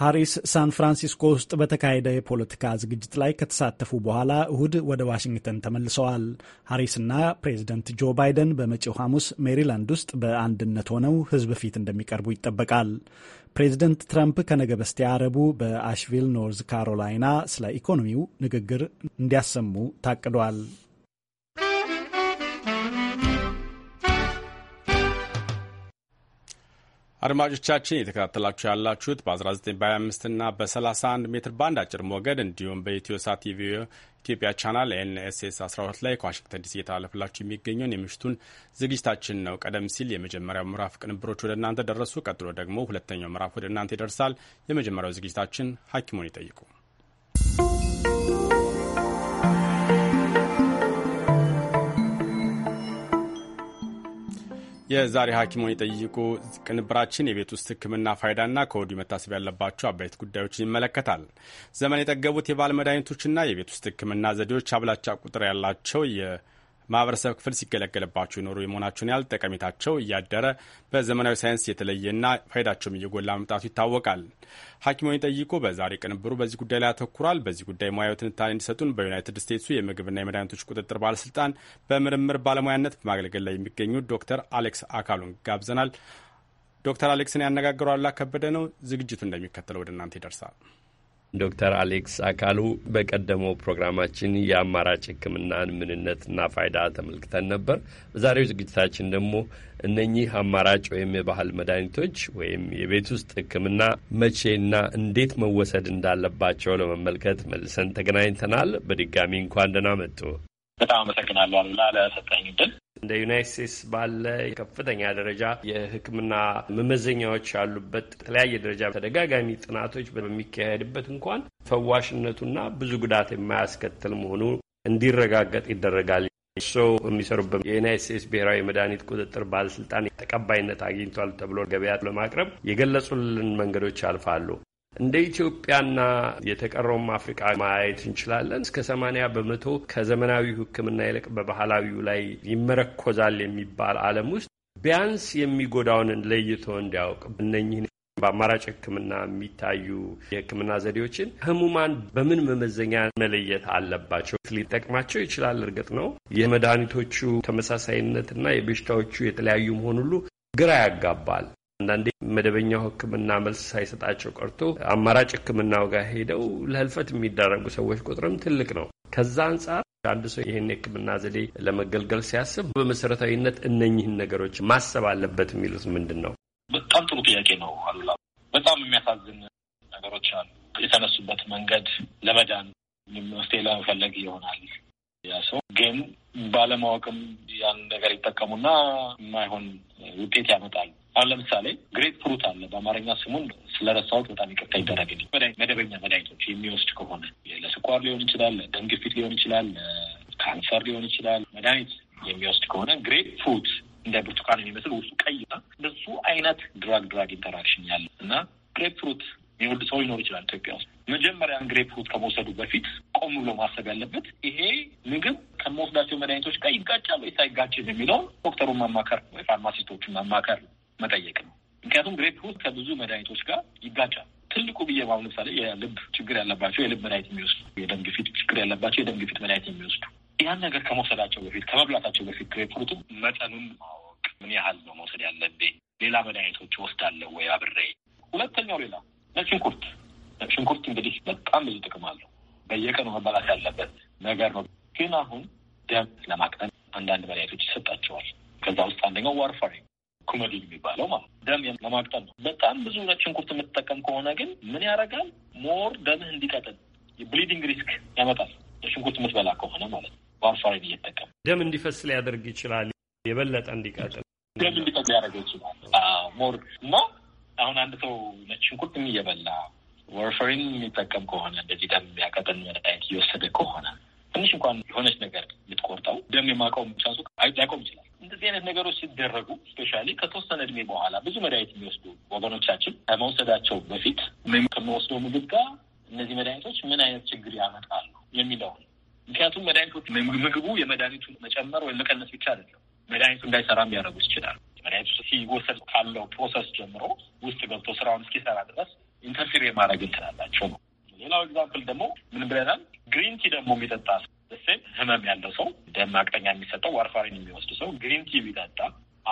ሃሪስ ሳን ፍራንሲስኮ ውስጥ በተካሄደ የፖለቲካ ዝግጅት ላይ ከተሳተፉ በኋላ እሁድ ወደ ዋሽንግተን ተመልሰዋል። ሃሪስና ፕሬዚደንት ጆ ባይደን በመጪው ሐሙስ ሜሪላንድ ውስጥ በአንድነት ሆነው ሕዝብ ፊት እንደሚቀርቡ ይጠበቃል። ፕሬዚደንት ትራምፕ ከነገ በስቲያ አረቡ በአሽቪል ኖርዝ ካሮላይና ስለ ኢኮኖሚው ንግግር እንዲያሰሙ ታቅዷል። አድማጮቻችን የተከታተላችሁ ያላችሁት በ19 በ25 እና በ31 ሜትር ባንድ አጭር ሞገድ እንዲሁም በኢትዮ ሳት ኢትዮጵያ ቻናል ኤንኤስኤስ 12 ላይ ከዋሽንግተን ዲሲ እየተላለፈላችሁ የሚገኘውን የምሽቱን ዝግጅታችን ነው። ቀደም ሲል የመጀመሪያው ምዕራፍ ቅንብሮች ወደ እናንተ ደረሱ። ቀጥሎ ደግሞ ሁለተኛው ምዕራፍ ወደ እናንተ ይደርሳል። የመጀመሪያው ዝግጅታችን ሐኪሙን ይጠይቁ የዛሬ ሐኪሙን የጠይቁ ቅንብራችን የቤት ውስጥ ሕክምና ፋይዳና ከወዲሁ መታሰብ ያለባቸው አበይት ጉዳዮችን ይመለከታል። ዘመን የጠገቡት የባህል መድኃኒቶችና የቤት ውስጥ ሕክምና ዘዴዎች አብላጫ ቁጥር ያላቸው ማህበረሰብ ክፍል ሲገለገልባቸው ይኖሩ የመሆናቸውን ያህል ጠቀሜታቸው እያደረ በዘመናዊ ሳይንስ የተለየና ፋይዳቸውም እየጎላ መምጣቱ ይታወቃል። ሐኪሞን ጠይቆ በዛሬ ቅንብሩ በዚህ ጉዳይ ላይ ያተኩራል። በዚህ ጉዳይ ሙያዊ ትንታኔ እንዲሰጡን በዩናይትድ ስቴትሱ የምግብና የመድኃኒቶች ቁጥጥር ባለስልጣን በምርምር ባለሙያነት በማገልገል ላይ የሚገኙ ዶክተር አሌክስ አካሉን ጋብዘናል። ዶክተር አሌክስን ያነጋገሩ አላ ከበደ ነው። ዝግጅቱ እንደሚከተለው ወደ እናንተ ይደርሳል። ዶክተር አሌክስ አካሉ በቀደመው ፕሮግራማችን የአማራጭ ሕክምናን ምንነትና ፋይዳ ተመልክተን ነበር። በዛሬው ዝግጅታችን ደግሞ እነኚህ አማራጭ ወይም የባህል መድኃኒቶች ወይም የቤት ውስጥ ሕክምና መቼና እንዴት መወሰድ እንዳለባቸው ለመመልከት መልሰን ተገናኝተናል። በድጋሚ እንኳን ደህና መጡ። በጣም አመሰግናለሁ አሉላ ለሰጠኝ ድል። እንደ ዩናይት ስቴትስ ባለ ከፍተኛ ደረጃ የሕክምና መመዘኛዎች ያሉበት የተለያየ ደረጃ ተደጋጋሚ ጥናቶች በሚካሄድበት እንኳን ፈዋሽነቱና ብዙ ጉዳት የማያስከትል መሆኑ እንዲረጋገጥ ይደረጋል። እርስዎ የሚሰሩበት የዩናይት ስቴትስ ብሔራዊ መድኃኒት ቁጥጥር ባለስልጣን ተቀባይነት አግኝቷል ተብሎ ገበያ ለማቅረብ የገለጹልን መንገዶች ያልፋሉ። እንደ ኢትዮጵያና የተቀረውም አፍሪቃ ማየት እንችላለን። እስከ ሰማንያ በመቶ ከዘመናዊ ሕክምና ይልቅ በባህላዊው ላይ ይመረኮዛል የሚባል ዓለም ውስጥ ቢያንስ የሚጎዳውን ለይቶ እንዲያውቅ እነኚህን በአማራጭ ሕክምና የሚታዩ የሕክምና ዘዴዎችን ህሙማን በምን መመዘኛ መለየት አለባቸው? ሊጠቅማቸው ይችላል። እርግጥ ነው የመድኃኒቶቹ ተመሳሳይነትና የበሽታዎቹ የተለያዩ መሆን ሁሉ ግራ ያጋባል። አንዳንዴ መደበኛው ሕክምና መልስ ሳይሰጣቸው ቀርቶ አማራጭ ሕክምናው ጋር ሄደው ለህልፈት የሚዳረጉ ሰዎች ቁጥርም ትልቅ ነው። ከዛ አንጻር አንድ ሰው ይህን የሕክምና ዘዴ ለመገልገል ሲያስብ በመሰረታዊነት እነኚህን ነገሮች ማሰብ አለበት የሚሉት ምንድን ነው? በጣም ጥሩ ጥያቄ ነው አሉላ። በጣም የሚያሳዝን ነገሮች አሉ። የተነሱበት መንገድ ለመዳን መፍትሄ ለመፈለግ ይሆናል ያ ሰው ግን ባለማወቅም ያን ነገር ይጠቀሙና የማይሆን ውጤት ያመጣል። አሁን ለምሳሌ ግሬት ፍሩት አለ። በአማርኛ ስሙን ስለረሳሁት በጣም ይቅርታ ይደረግልኝ። መደበኛ መድኃኒቶች የሚወስድ ከሆነ ለስኳር ሊሆን ይችላል፣ ለደም ግፊት ሊሆን ይችላል፣ ለካንሰር ሊሆን ይችላል። መድኃኒት የሚወስድ ከሆነ ግሬት ፍሩት እንደ ብርቱካን የሚመስል ውስጡ ና ብዙ አይነት ድራግ ድራግ ኢንተራክሽን ያለ እና ግሬት ፍሩት የሚወድ ሰው ሊኖር ይችላል ኢትዮጵያ ውስጥ መጀመሪያ ግሬፕ ፍሩት ከመውሰዱ በፊት ቆም ብሎ ማሰብ ያለበት ይሄ ምግብ ከመወስዳቸው መድኃኒቶች ጋር ይጋጫል ወይስ አይጋጭም የሚለውን ዶክተሩን ማማከር ወይ ፋርማሲስቶቹን ማማከር መጠየቅ ነው። ምክንያቱም ግሬፕ ፍሩት ከብዙ መድኃኒቶች ጋር ይጋጫል። ትልቁ ብዬ ባሁን ለምሳሌ የልብ ችግር ያለባቸው የልብ መድኃኒት የሚወስዱ፣ የደም ግፊት ችግር ያለባቸው የደም ግፊት መድኃኒት የሚወስዱ ያን ነገር ከመውሰዳቸው በፊት ከመብላታቸው በፊት ግሬፕ ፍሩቱን መጠኑን ማወቅ ምን ያህል ነው መውሰድ ያለብኝ፣ ሌላ መድኃኒቶች ወስዳለሁ ወይ አብሬ። ሁለተኛው ሌላ ነጭ ሽንኩርት ሽንኩርት እንግዲህ በጣም ብዙ ጥቅም አለው። በየቀኑ መባላት ያለበት ነገር ነው። ግን አሁን ደም ለማቅጠን አንዳንድ መድኃኒቶች ይሰጣቸዋል። ከዛ ውስጥ አንደኛው ዋርፋሪን ኩመዲን የሚባለው ማለት ደም ለማቅጠን ነው። በጣም ብዙ ሽንኩርት የምትጠቀም ከሆነ ግን ምን ያደርጋል? ሞር ደምህ እንዲቀጥን የብሊዲንግ ሪስክ ያመጣል። ሽንኩርት የምትበላ ከሆነ ማለት ነው። ዋርፋሪን እየተጠቀም ደም እንዲፈስ ሊያደርግ ይችላል። የበለጠ እንዲቀጥን ደም እንዲቀጥ ሊያደርገው ይችላል ሞር እና አሁን አንድ ሰው ነጭ ሽንኩርት እየበላ ወርፈሪን የሚጠቀም ከሆነ እንደዚህ ደም የሚያቀጥል መድኃኒት እየወሰደ ከሆነ ትንሽ እንኳን የሆነች ነገር ብትቆርጠው ደም የማቆም ቻንሱ ላይቆም ይችላል። እንደዚህ አይነት ነገሮች ሲደረጉ ስፔሻሊ ከተወሰነ እድሜ በኋላ ብዙ መድኃኒት የሚወስዱ ወገኖቻችን ከመውሰዳቸው በፊት ከመወስደው ምግብ ጋር እነዚህ መድኃኒቶች ምን አይነት ችግር ያመጣሉ የሚለውን ምክንያቱም መድኃኒቶች ምግቡ የመድኃኒቱን መጨመር ወይም መቀነስ ብቻ አይደለም፣ መድኃኒቱ እንዳይሰራም ሊያደርጉ ይችላል። መድኃኒቱ ሲወሰድ ካለው ፕሮሰስ ጀምሮ ውስጥ ገብቶ ስራውን እስኪሰራ ድረስ ኢንተርፌር የማድረግ እንትን አላቸው ነው። ሌላው ኤግዛምፕል ደግሞ ምን ብለናል? ግሪንቲ ደግሞ የሚጠጣ ሴም ህመም ያለው ሰው ደም ማቅጠኛ የሚሰጠው ዋርፋሪን የሚወስድ ሰው ግሪንቲ ቢጠጣ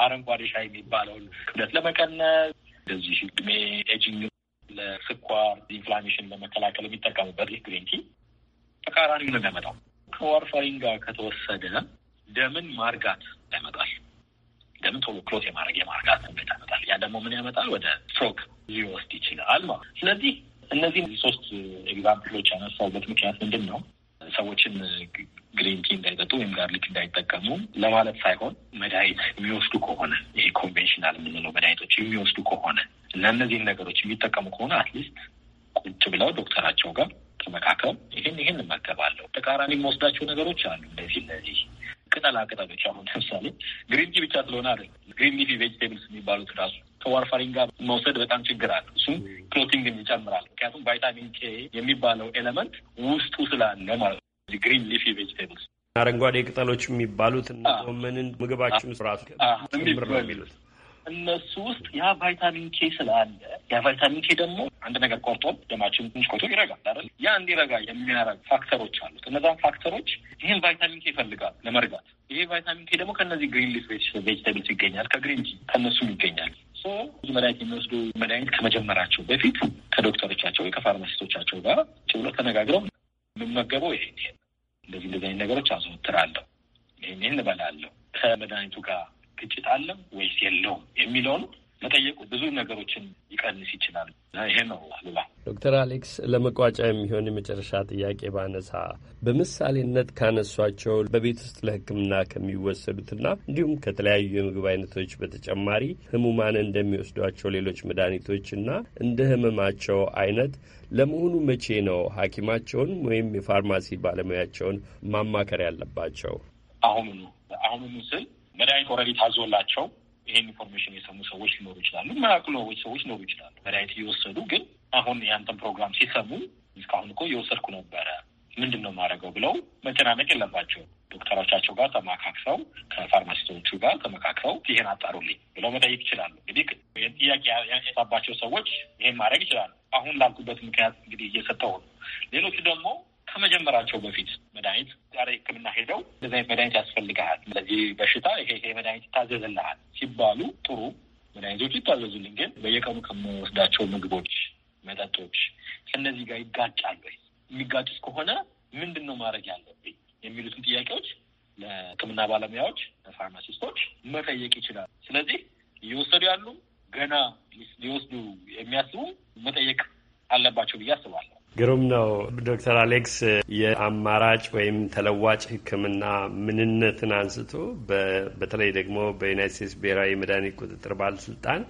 አረንጓዴ ሻይ የሚባለውን ክብደት ለመቀነስ እንደዚህ እድሜ ኤጂንግ ለስኳር ኢንፍላሜሽን ለመከላከል የሚጠቀሙበት ይህ ግሪንቲ ተቃራኒ ነው የሚያመጣው። ከዋርፋሪን ጋር ከተወሰደ ደምን ማርጋት ያመጣል። ደምን ቶሎ ክሎት የማድረግ የማርጋት ስሜት ያመጣል። ያ ደግሞ ምን ያመጣል? ወደ ስትሮክ ሊወስድ ይችላል ማለት ነው። ስለዚህ እነዚህ ሶስት ኤግዛምፕሎች ያነሳውበት ምክንያት ምንድን ነው? ሰዎችን ግሪን ቲ እንዳይጠጡ ወይም ጋርሊክ እንዳይጠቀሙ ለማለት ሳይሆን መድኃኒት የሚወስዱ ከሆነ ይሄ ኮንቬንሽናል የምንለው መድኃኒቶች የሚወስዱ ከሆነ እና እነዚህን ነገሮች የሚጠቀሙ ከሆነ አትሊስት ቁጭ ብለው ዶክተራቸው ጋር ተመካከው ይህን ይህን እመገባለሁ፣ ተቃራኒ የሚወስዳቸው ነገሮች አሉ እነዚህ እነዚህ ቅጠላ ቅጠሎች አሁን ለምሳሌ ግሪንቲ ብቻ ስለሆነ አይደለም። ግሪንቲ ቬጅቴብልስ የሚባሉት ራሱ ከዋርፋሪን ጋር መውሰድ በጣም ችግር አለ። እሱም ክሎቲንግን ይጨምራል። ምክንያቱም ቫይታሚን ኬ የሚባለው ኤለመንት ውስጡ ስላለ ማለት ነው። ግሪን ሊፊ ቬጅቴብልስ አረንጓዴ ቅጠሎች የሚባሉት ጎመንን ምግባችን ራሱ የሚሉት እነሱ ውስጥ ያ ቫይታሚን ኬ ስላለ ያ ቫይታሚን ኬ ደግሞ አንድ ነገር ቆርጦ ደማችን ትንሽ ቆይቶ ይረጋል አይደል? ያ እንዲረጋ የሚያረግ ፋክተሮች አሉት። እነዛን ፋክተሮች ይህን ቫይታሚን ኬ ይፈልጋል ለመርጋት። ይሄ ቫይታሚን ኬ ደግሞ ከእነዚህ ግሪን ሊፍ ቬጅተብልስ ይገኛል፣ ከግሪን ጂ ከእነሱም ይገኛል። ብዙ መድኃኒት የሚወስዱ መድኃኒት ከመጀመራቸው በፊት ከዶክተሮቻቸው ወይ ከፋርማሲስቶቻቸው ጋር ጭ ብሎ ተነጋግረው የምመገበው ይሄ እንደዚህ እንደዚህ አይነት ነገሮች አዘወትራለሁ፣ ይህን ይህን እበላለሁ ከመድኃኒቱ ጋር ግጭት አለም ወይስ የለውም የሚለውን መጠየቁ ብዙ ነገሮችን ሊቀንስ ይችላል። ይሄ ነው አሉላ። ዶክተር አሌክስ ለመቋጫ የሚሆን የመጨረሻ ጥያቄ ባነሳ በምሳሌነት ካነሷቸው በቤት ውስጥ ለሕክምና ከሚወሰዱትና እንዲሁም ከተለያዩ የምግብ አይነቶች በተጨማሪ ህሙማን እንደሚወስዷቸው ሌሎች መድኃኒቶችና እንደ ህመማቸው አይነት ለመሆኑ መቼ ነው ሐኪማቸውን ወይም የፋርማሲ ባለሙያቸውን ማማከር ያለባቸው? አሁኑ አሁኑ ምስል መድኃኒት ኦልሬዲ ታዞላቸው ይሄን ኢንፎርሜሽን የሰሙ ሰዎች ሊኖሩ ይችላሉ። የማያውቁ ሰዎች ሊኖሩ ይችላሉ። መድኃኒት እየወሰዱ ግን አሁን ያንተን ፕሮግራም ሲሰሙ እስካሁን እኮ እየወሰድኩ ነበረ ምንድን ነው የማደርገው ብለው መጨናነቅ የለባቸው። ዶክተሮቻቸው ጋር ተማካክሰው ከፋርማሲስቶቹ ጋር ተመካክረው ይሄን አጣሩልኝ ብለው መጠየቅ ይችላሉ። እንግዲህ ጥያቄ ያነሳባቸው ሰዎች ይሄን ማድረግ ይችላሉ። አሁን ላልኩበት ምክንያት እንግዲህ እየሰጠው ነው። ሌሎቹ ደግሞ ከመጀመራቸው በፊት መድኃኒት ዛሬ ሕክምና ሄደው እንደዚህ መድኃኒት ያስፈልግሃል፣ ለዚህ በሽታ ይሄ ይሄ መድኃኒት ይታዘዝልሃል ሲባሉ ጥሩ መድኃኒቶች ይታዘዙልኝ፣ ግን በየቀኑ ከምወስዳቸው ምግቦች፣ መጠጦች ከእነዚህ ጋር ይጋጫሉ ወይ? የሚጋጭስ ከሆነ ምንድን ነው ማድረግ ያለብኝ? የሚሉትን ጥያቄዎች ለሕክምና ባለሙያዎች ለፋርማሲስቶች መጠየቅ ይችላል። ስለዚህ እየወሰዱ ያሉ ገና ሊወስዱ የሚያስቡ መጠየቅ አለባቸው ብዬ አስባለሁ። ግሩም ነው ዶክተር አሌክስ የአማራጭ ወይም ተለዋጭ ህክምና ምንነትን አንስቶ በተለይ ደግሞ በዩናይት ስቴትስ ብሔራዊ መድኃኒት ቁጥጥር ባለስልጣን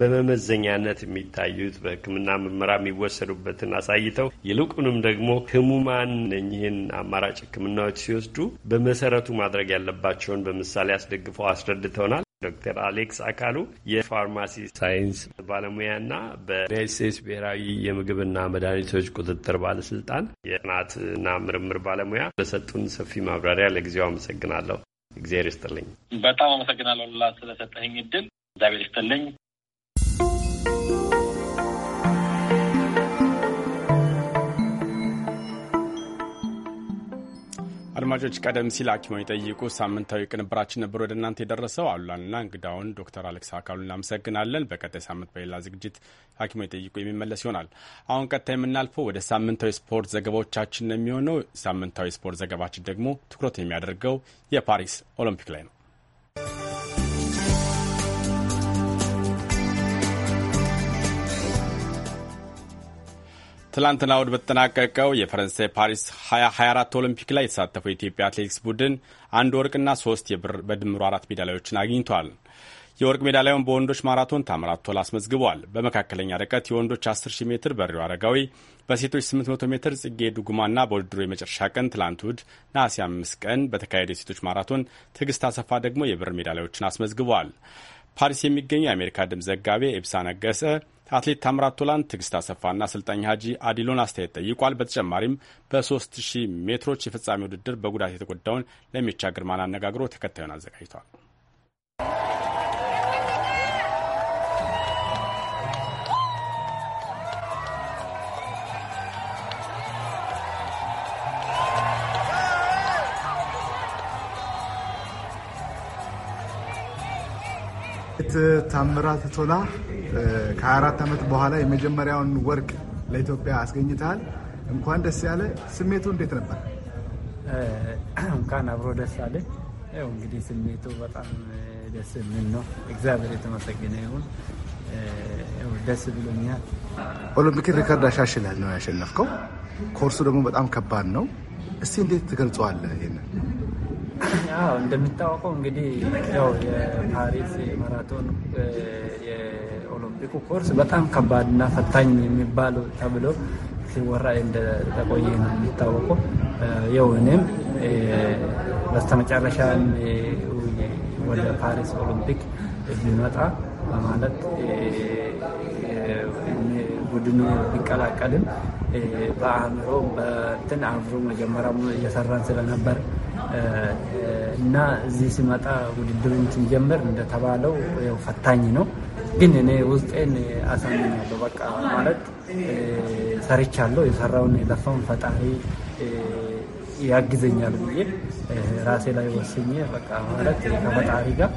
በመመዘኛነት የሚታዩት በህክምና ምርመራ የሚወሰዱበትን አሳይተው ይልቁንም ደግሞ ህሙማን እኚህን አማራጭ ህክምናዎች ሲወስዱ በመሰረቱ ማድረግ ያለባቸውን በምሳሌ አስደግፈው አስረድተውናል። ዶክተር አሌክስ አካሉ የፋርማሲ ሳይንስ ባለሙያና በዩናይት ስቴትስ ብሔራዊ የምግብና መድኃኒቶች ቁጥጥር ባለስልጣን የጥናትና ምርምር ባለሙያ ለሰጡን ሰፊ ማብራሪያ ለጊዜው አመሰግናለሁ። እግዚአብሔር ይስጥልኝ። በጣም አመሰግናለሁ ላ ስለሰጠኝ እድል እግዚአብሔር ይስጥልኝ። አድማጮች ቀደም ሲል ሐኪሞን የጠይቁ ሳምንታዊ ቅንብራችን ነበር ወደ እናንተ የደረሰው። አሉላንና እንግዳውን ዶክተር አሌክስ አካሉ እናመሰግናለን። በቀጣይ ሳምንት በሌላ ዝግጅት ሐኪሞን የጠይቁ የሚመለስ ይሆናል። አሁን ቀጥታ የምናልፈው ወደ ሳምንታዊ ስፖርት ዘገባዎቻችን ነው የሚሆነው። ሳምንታዊ ስፖርት ዘገባችን ደግሞ ትኩረት የሚያደርገው የፓሪስ ኦሎምፒክ ላይ ነው። ትላንትና እሁድ በተጠናቀቀው የፈረንሳይ ፓሪስ 2024 ኦሎምፒክ ላይ የተሳተፈው የኢትዮጵያ አትሌቲክስ ቡድን አንድ ወርቅና ሶስት የብር በድምሩ አራት ሜዳሊያዎችን አግኝቷል። የወርቅ ሜዳሊያውን በወንዶች ማራቶን ታምራት ቶላ አስመዝግቧል። በመካከለኛ ርቀት የወንዶች 10000 ሜትር በሪው አረጋዊ፣ በሴቶች 800 ሜትር ጽጌ ዱጉማና በውድድሩ የመጨረሻ ቀን ትላንት እሁድ ነሐሴ 5 ቀን በተካሄደ የሴቶች ማራቶን ትዕግስት አሰፋ ደግሞ የብር ሜዳሊያዎችን አስመዝግቧል። ፓሪስ የሚገኘው የአሜሪካ ድምፅ ዘጋቢ ኤብሳ ነገሰ አትሌት ታምራት ቶላን፣ ትዕግስት አሰፋና አሰልጣኝ ሀጂ አዲሎን አስተያየት ጠይቋል። በተጨማሪም በ3000 ሜትሮች የፍጻሜ ውድድር በጉዳት የተጎዳውን ለሚቻ ግርማን አነጋግሮ ተከታዩን አዘጋጅቷል። ባለቤት ታምራት ቶላ ከ24 ዓመት በኋላ የመጀመሪያውን ወርቅ ለኢትዮጵያ አስገኝተሃል። እንኳን ደስ ያለ። ስሜቱ እንዴት ነበር? እንኳን አብሮ ደስ አለ። ያው እንግዲህ ስሜቱ በጣም ደስ የሚል ነው። እግዚአብሔር የተመሰገነ ይሁን። ደስ ብሎኛል። ኦሎምፒክ ሪከርድ አሻሽላል ነው ያሸነፍከው። ኮርሱ ደግሞ በጣም ከባድ ነው። እስቲ እንዴት ትገልጸዋለህ ይሄንን? አዎ እንደሚታወቀው እንግዲህ ያው የፓሪስ ማራቶን የኦሎምፒኩ ኮርስ በጣም ከባድና ፈታኝ የሚባሉ ተብሎ ሲወራ እንደተቆየ ነው የሚታወቀው። ያው እኔም በስተመጨረሻ ወደ ፓሪስ ኦሎምፒክ የሚመጣ በማለት ቡድኑ ቢቀላቀልም በአእምሮ በትን አብሮ መጀመሪያ እየሰራን ስለነበር እና እዚህ ሲመጣ ውድድሩን ስንጀምር እንደተባለው ፈታኝ ነው። ግን እኔ ውስጤን አሳምኛለሁ። በቃ ማለት ሰርቻለሁ፣ የሰራውን የለፋውን ፈጣሪ ያግዘኛል ብዬ ራሴ ላይ ወስኜ በቃ ማለት ከፈጣሪ ጋር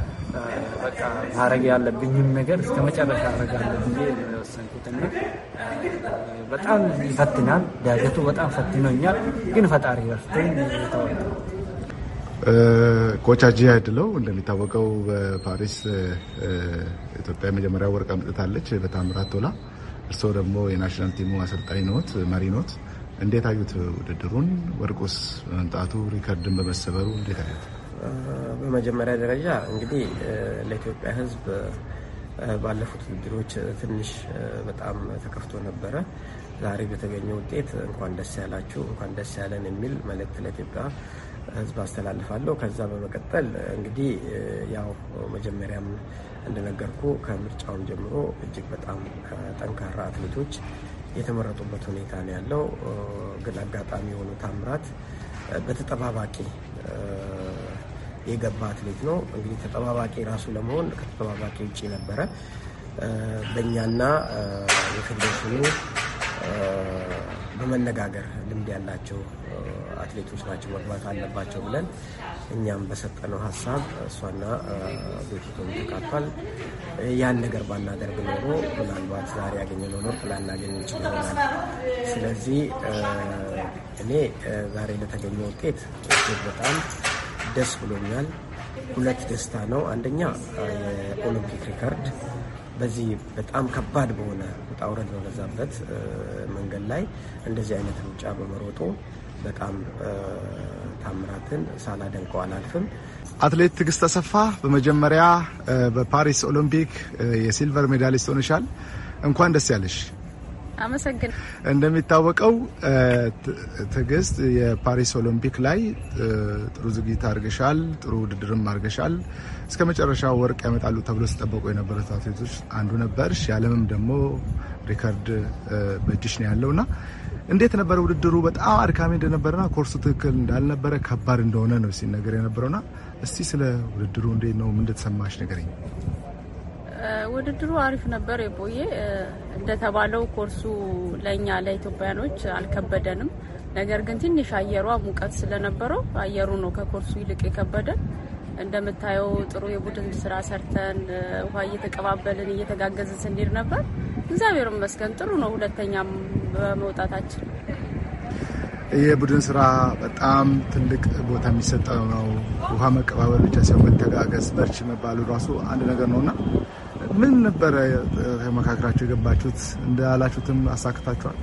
በቃ ማድረግ ያለብኝም ነገር እስከ መጨረሻ አደርጋለሁ ብዬ በጣም ይፈትናል። ዳገቱ በጣም ፈትኖኛል፣ ግን ፈጣሪ ረፍቶኝ ተወጣ። ኮች አጂ እንደሚታወቀው በፓሪስ ኢትዮጵያ የመጀመሪያ ወርቅ አምጥታለች በታምራት ቶላ። እርስዎ ደግሞ የናሽናል ቲሙ አሰልጣኝ ኖት፣ መሪ ኖት። እንዴት አዩት ውድድሩን? ወርቁስ መምጣቱ ሪከርድን በመሰበሩ እንዴት አዩት? በመጀመሪያ ደረጃ እንግዲህ ለኢትዮጵያ ሕዝብ ባለፉት ውድድሮች ትንሽ በጣም ተከፍቶ ነበረ። ዛሬ በተገኘ ውጤት እንኳን ደስ ያላችሁ፣ እንኳን ደስ ያለን የሚል መልእክት ለኢትዮጵያ ሕዝብ አስተላልፋለሁ። ከዛ በመቀጠል እንግዲህ ያው መጀመሪያም እንደነገርኩ ከምርጫውም ጀምሮ እጅግ በጣም ጠንካራ አትሌቶች የተመረጡበት ሁኔታ ነው ያለው። ግን አጋጣሚ የሆኑ ታምራት በተጠባባቂ የገባ አትሌት ነው። እንግዲህ ተጠባባቂ ራሱ ለመሆን ከተጠባባቂ ውጭ ነበረ። በእኛና የፌዴሬሽኑ በመነጋገር ልምድ ያላቸው አትሌቶች ናቸው መግባት አለባቸው ብለን እኛም በሰጠነው ሀሳብ እሷና ቤቲቶም ተካቷል። ያን ነገር ባናደርግ ኖሮ ምናልባት ዛሬ ያገኘነው ወርቅ ላናገኝ እንችል ይሆናል። ስለዚህ እኔ ዛሬ ለተገኘ ውጤት በጣም ደስ ብሎኛል። ሁለት ደስታ ነው። አንደኛ የኦሎምፒክ ሪከርድ በዚህ በጣም ከባድ በሆነ ውጣ ውረድ በበዛበት መንገድ ላይ እንደዚህ አይነት ሩጫ በመሮጦ በጣም ታምራትን ሳላደንቀው አላልፍም። አትሌት ትግስት አሰፋ በመጀመሪያ በፓሪስ ኦሎምፒክ የሲልቨር ሜዳሊስት ሆነሻል። እንኳን ደስ ያለሽ። አመሰግን። እንደሚታወቀው ትዕግስት የፓሪስ ኦሎምፒክ ላይ ጥሩ ዝግጅት አድርገሻል፣ ጥሩ ውድድርም አድርገሻል። እስከ መጨረሻ ወርቅ ያመጣሉ ተብሎ ሲጠበቁ የነበረት አትሌቶች አንዱ ነበርሽ። የዓለምም ደግሞ ሪከርድ በእጅሽ ነው ያለው እና እንዴት ነበረ ውድድሩ? በጣም አድካሚ እንደነበረና ኮርሱ ትክክል እንዳልነበረ ከባድ እንደሆነ ነው ሲነገር የነበረውና እስቲ ስለ ውድድሩ እንዴት ነው ምን እንደተሰማሽ ንገረኝ። ውድድሩ አሪፍ ነበር። የቆየ እንደተባለው ኮርሱ ለእኛ ለኢትዮጵያኖች አልከበደንም። ነገር ግን ትንሽ አየሯ ሙቀት ስለነበረው አየሩ ነው ከኮርሱ ይልቅ የከበደን። እንደምታየው ጥሩ የቡድን ስራ ሰርተን ውሃ እየተቀባበልን እየተጋገዝን ስንሄድ ነበር። እግዚአብሔር ይመስገን ጥሩ ነው። ሁለተኛም በመውጣታችን የቡድን ስራ በጣም ትልቅ ቦታ የሚሰጠው ነው። ውሃ መቀባበል ብቻ ሳይሆን መተጋገዝ፣ በርቺ መባሉ ራሱ አንድ ነገር ነውና ምን ነበረ መካከላቸው የገባችሁት? እንዳላችሁትም አሳክታችኋል።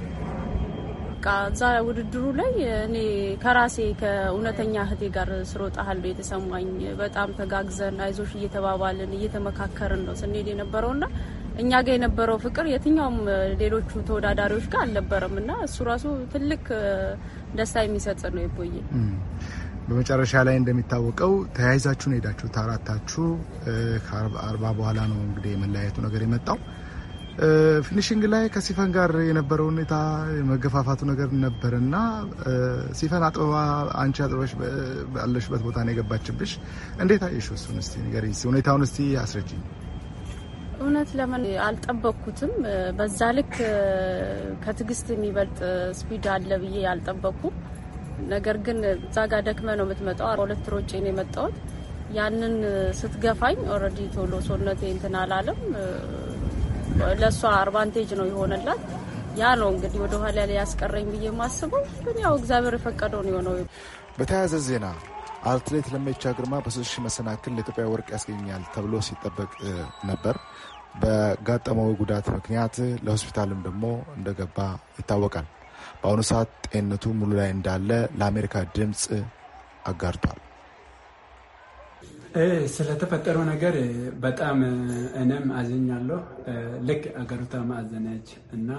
እዛ ውድድሩ ላይ እኔ ከራሴ ከእውነተኛ እህቴ ጋር ስሮጣሃል የተሰማኝ በጣም ተጋግዘን አይዞሽ እየተባባልን እየተመካከርን ነው ስንሄድ የነበረውና እኛ ጋር የነበረው ፍቅር የትኛውም ሌሎቹ ተወዳዳሪዎች ጋር አልነበረም እና እሱ ራሱ ትልቅ ደስታ የሚሰጥ ነው የቆየ በመጨረሻ ላይ እንደሚታወቀው ተያይዛችሁ ነው ሄዳችሁ ታራታችሁ። ከአርባ በኋላ ነው እንግዲህ የመለያየቱ ነገር የመጣው። ፊኒሽንግ ላይ ከሲፈን ጋር የነበረው ሁኔታ የመገፋፋቱ ነገር ነበር እና ሲፈን አጥበባ አንቺ አጥበሽ ባለሽበት ቦታ ነው የገባችብሽ። እንዴት አየሽ? እሱን እስቲ ንገሪኝ፣ ሁኔታውን እስቲ አስረጅኝ። እውነት ለምን አልጠበቅኩትም። በዛ ልክ ከትግስት የሚበልጥ ስፒድ አለ ብዬ አልጠበቅኩም። ነገር ግን እዛ ጋር ደክመ ነው የምትመጣው። ሁለት ሮጬ ነው የመጣሁት። ያንን ስትገፋኝ ኦልሬዲ ቶሎ ሰውነቴ እንትን አላለም። ለእሷ አርባንቴጅ ነው የሆነላት። ያ ነው እንግዲህ ወደ ኋላ ላይ ያስቀረኝ ብዬ ማስበው፣ ግን ያው እግዚአብሔር የፈቀደው ነው የሆነው። በተያያዘ ዜና አትሌት ለመቻ ግርማ በ ሺህ መሰናክል ለኢትዮጵያ ወርቅ ያስገኛል ተብሎ ሲጠበቅ ነበር። በጋጠመው ጉዳት ምክንያት ለሆስፒታልም ደግሞ እንደገባ ይታወቃል። በአሁኑ ሰዓት ጤንነቱ ሙሉ ላይ እንዳለ ለአሜሪካ ድምፅ አጋርቷል። ስለተፈጠረው ነገር በጣም እኔም አዝኛለሁ። ልክ አገሪቷ ማዘነች እና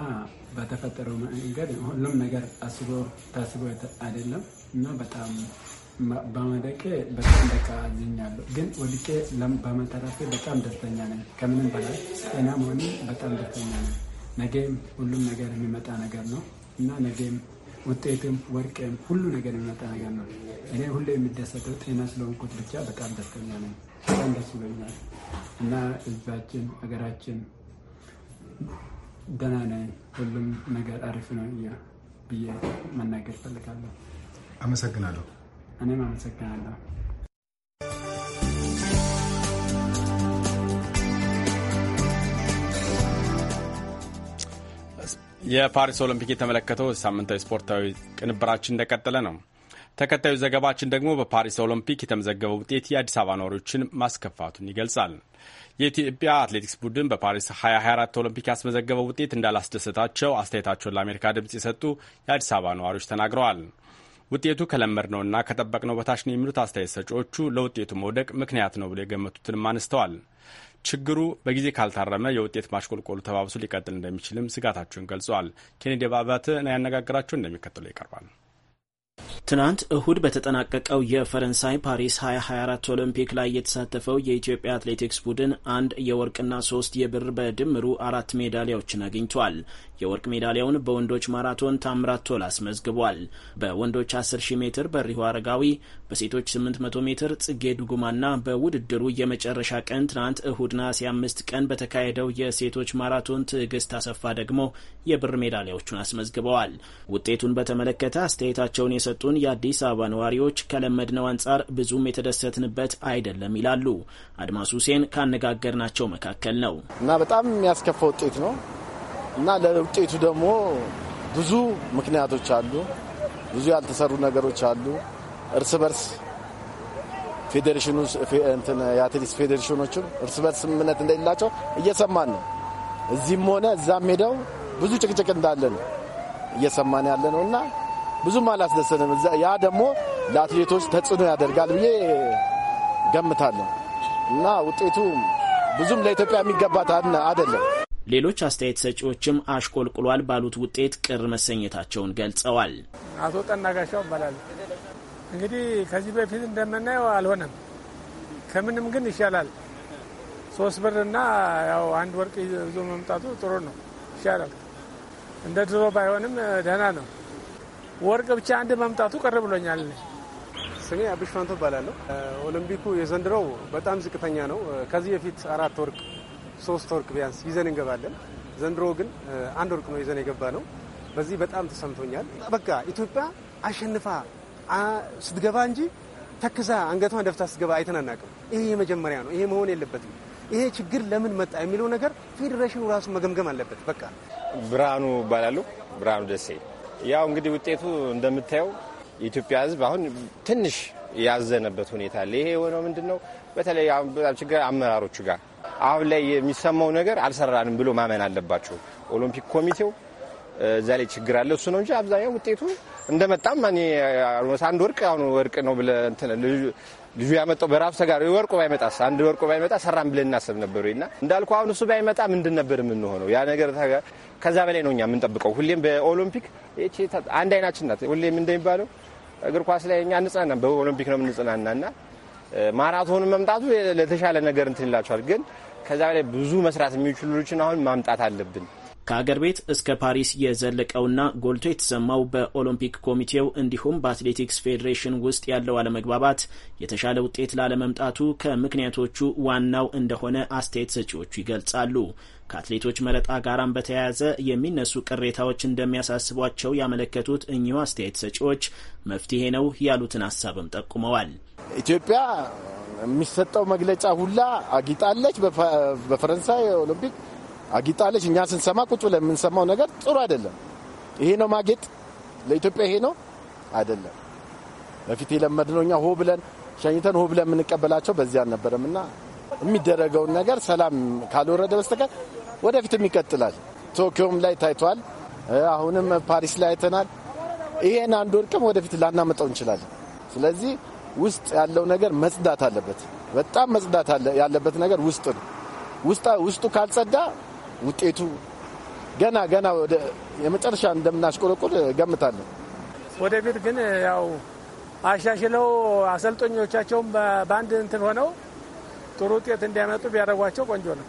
በተፈጠረው መንገድ ሁሉም ነገር አስቦ ታስቦ አይደለም እና በጣም በመደቄ በጣም በቃ አዝኛለሁ። ግን ወድቄ በመተራፌ በጣም ደስተኛ ነኝ። ከምንም በላይ ጤና መሆኔ በጣም ደስተኛ ነኝ። ነገም ሁሉም ነገር የሚመጣ ነገር ነው። እና ነገም ውጤትም ወርቅም ሁሉ ነገር የሚመጣ ነገር ነው። እኔ ሁሌ የሚደሰተው ጤና ስለሆንኩት ብቻ በጣም ደስተኛ ነኝ። በጣም ደስ ይለኛል እና ህዝባችን፣ ሀገራችን ደህና ነኝ፣ ሁሉም ነገር አሪፍ ነው ብዬ መናገር ፈልጋለሁ አመሰግናለሁ። እኔም አመሰግናለሁ። የፓሪስ ኦሎምፒክ የተመለከተው ሳምንታዊ ስፖርታዊ ቅንብራችን እንደቀጠለ ነው። ተከታዩ ዘገባችን ደግሞ በፓሪስ ኦሎምፒክ የተመዘገበው ውጤት የአዲስ አበባ ነዋሪዎችን ማስከፋቱን ይገልጻል። የኢትዮጵያ አትሌቲክስ ቡድን በፓሪስ 2024 ኦሎምፒክ ያስመዘገበው ውጤት እንዳላስደሰታቸው አስተያየታቸውን ለአሜሪካ ድምፅ የሰጡ የአዲስ አበባ ነዋሪዎች ተናግረዋል። ውጤቱ ከለመድነውና ከጠበቅነው በታች ነው የሚሉት አስተያየት ሰጪዎቹ ለውጤቱ መውደቅ ምክንያት ነው ብሎ የገመቱትንም አንስተዋል። ችግሩ በጊዜ ካልታረመ የውጤት ማሽቆልቆሉ ተባብሶ ሊቀጥል እንደሚችልም ስጋታቸውን ገልጸዋል። ኬኔዲ አባተ ያነጋገራቸው፣ እንደሚከተለው ይቀርባል። ትናንት እሁድ በተጠናቀቀው የፈረንሳይ ፓሪስ 2024 ኦሎምፒክ ላይ የተሳተፈው የኢትዮጵያ አትሌቲክስ ቡድን አንድ የወርቅና ሶስት የብር በድምሩ አራት ሜዳሊያዎችን አግኝቷል። የወርቅ ሜዳሊያውን በወንዶች ማራቶን ታምራት ቶላ አስመዝግቧል። በወንዶች 10,000 ሜትር በሪሁ አረጋዊ፣ በሴቶች 800 ሜትር ጽጌ ዱጉማና በውድድሩ የመጨረሻ ቀን ትናንት እሁድ ነሐሴ 5 ቀን በተካሄደው የሴቶች ማራቶን ትዕግስት አሰፋ ደግሞ የብር ሜዳሊያዎቹን አስመዝግበዋል። ውጤቱን በተመለከተ አስተያየታቸውን የሰጡን የአዲስ አበባ ነዋሪዎች ከለመድነው አንጻር ብዙም የተደሰትንበት አይደለም ይላሉ። አድማስ ሁሴን ካነጋገርናቸው መካከል ነው። እና በጣም የሚያስከፋ ውጤት ነው እና ለውጤቱ ደግሞ ብዙ ምክንያቶች አሉ። ብዙ ያልተሰሩ ነገሮች አሉ። እርስ በርስ ፌዴሬሽኑ የአትሌቲክስ ፌዴሬሽኖችም እርስ በርስ እምነት እንደሌላቸው እየሰማን ነው። እዚህም ሆነ እዛም ሄደው ብዙ ጭቅጭቅ እንዳለ ነው እየሰማን ያለ ነው እና ብዙም አላስደሰንም። ያ ደግሞ ለአትሌቶች ተጽዕኖ ያደርጋል ብዬ ገምታለሁ እና ውጤቱ ብዙም ለኢትዮጵያ የሚገባት አይደለም። ሌሎች አስተያየት ሰጪዎችም አሽቆልቁሏል ባሉት ውጤት ቅር መሰኘታቸውን ገልጸዋል። አቶ ጠናጋሻው ይባላል። እንግዲህ ከዚህ በፊት እንደምናየው አልሆነም። ከምንም ግን ይሻላል። ሶስት ብርና ያው አንድ ወርቅ ይዞ መምጣቱ ጥሩ ነው፣ ይሻላል። እንደ ድሮ ባይሆንም ደህና ነው። ወርቅ ብቻ አንድ መምጣቱ ቅር ብሎኛል። ስሜ አብሽ ፋንቶ እባላለሁ። ኦሎምፒኩ የዘንድሮው በጣም ዝቅተኛ ነው። ከዚህ በፊት አራት ወርቅ፣ ሶስት ወርቅ ቢያንስ ይዘን እንገባለን። ዘንድሮ ግን አንድ ወርቅ ነው ይዘን የገባ ነው። በዚህ በጣም ተሰምቶኛል። በቃ ኢትዮጵያ አሸንፋ ስትገባ እንጂ ተክዛ አንገቷን ደፍታ ስትገባ አይተን ይሄ የመጀመሪያ ነው። ይሄ መሆን የለበትም። ይሄ ችግር ለምን መጣ የሚለው ነገር ፌዴሬሽኑ ራሱ መገምገም አለበት። በቃ ብርሃኑ እባላለሁ። ብርሃኑ ደሴ ያው እንግዲህ ውጤቱ እንደምታየው የኢትዮጵያ ሕዝብ አሁን ትንሽ ያዘነበት ሁኔታ አለ። ይሄ የሆነው ምንድን ነው? በተለይ በጣም ችግር አመራሮቹ ጋር አሁን ላይ የሚሰማው ነገር አልሰራንም ብሎ ማመን አለባቸው። ኦሎምፒክ ኮሚቴው እዛ ላይ ችግር አለ እሱ ነው እንጂ አብዛኛው ውጤቱ እንደመጣም እኔ አንድ ወርቅ አሁን ወርቅ ነው ብለህ እንትን ልጁ ያመጣው በራሱ ጋር ወርቁ ባይመጣስ አንድ ወርቁ ባይመጣ ሰራን ብለን እናስብ ነበሩ እና እንዳልኩ አሁን እሱ ባይመጣ ምንድን ነበር የምንሆነው? ያ ነገር ከዛ በላይ ነው እኛ የምንጠብቀው። ሁሌም በኦሎምፒክ አንድ አይናችን ናት። ሁሌም እንደሚባለው እግር ኳስ ላይ እኛ እንጽናና፣ በኦሎምፒክ ነው የምንጽናና እና ማራቶን መምጣቱ ለተሻለ ነገር እንትን ይላቸዋል። ግን ከዛ በላይ ብዙ መስራት የሚችሉ ልጆችን አሁን ማምጣት አለብን። ከአገር ቤት እስከ ፓሪስ የዘለቀውና ጎልቶ የተሰማው በኦሎምፒክ ኮሚቴው እንዲሁም በአትሌቲክስ ፌዴሬሽን ውስጥ ያለው አለመግባባት የተሻለ ውጤት ላለመምጣቱ ከምክንያቶቹ ዋናው እንደሆነ አስተያየት ሰጪዎቹ ይገልጻሉ። ከአትሌቶች መረጣ ጋራም በተያያዘ የሚነሱ ቅሬታዎች እንደሚያሳስቧቸው ያመለከቱት እኚሁ አስተያየት ሰጪዎች መፍትሄ ነው ያሉትን ሀሳብም ጠቁመዋል። ኢትዮጵያ የሚሰጠው መግለጫ ሁላ አጊጣለች። በፈረንሳይ ኦሎምፒክ አጊጣለች። እኛ ስንሰማ ቁጭ ብለን የምንሰማው ነገር ጥሩ አይደለም። ይሄ ነው ማጌጥ ለኢትዮጵያ ይሄ ነው አይደለም። በፊት የለመድነው እኛ ሆ ብለን ሸኝተን ሆ ብለን የምንቀበላቸው በዚህ አልነበረም እና የሚደረገውን ነገር ሰላም ካልወረደ በስተቀር ወደፊትም ይቀጥላል። ቶኪዮም ላይ ታይቷል። አሁንም ፓሪስ ላይ አይተናል። ይሄን አንድ ወርቅም ወደፊት ላናመጣው እንችላለን። ስለዚህ ውስጥ ያለው ነገር መጽዳት አለበት። በጣም መጽዳት ያለበት ነገር ውስጥ ነው። ውስጡ ካልጸዳ ውጤቱ ገና ገና ወደ የመጨረሻ እንደምናሽቆለቁል ገምታለሁ። ወደፊት ግን ያው አሻሽለው አሰልጠኞቻቸውም በአንድ እንትን ሆነው ጥሩ ውጤት እንዲያመጡ ቢያደርጓቸው ቆንጆ ነው።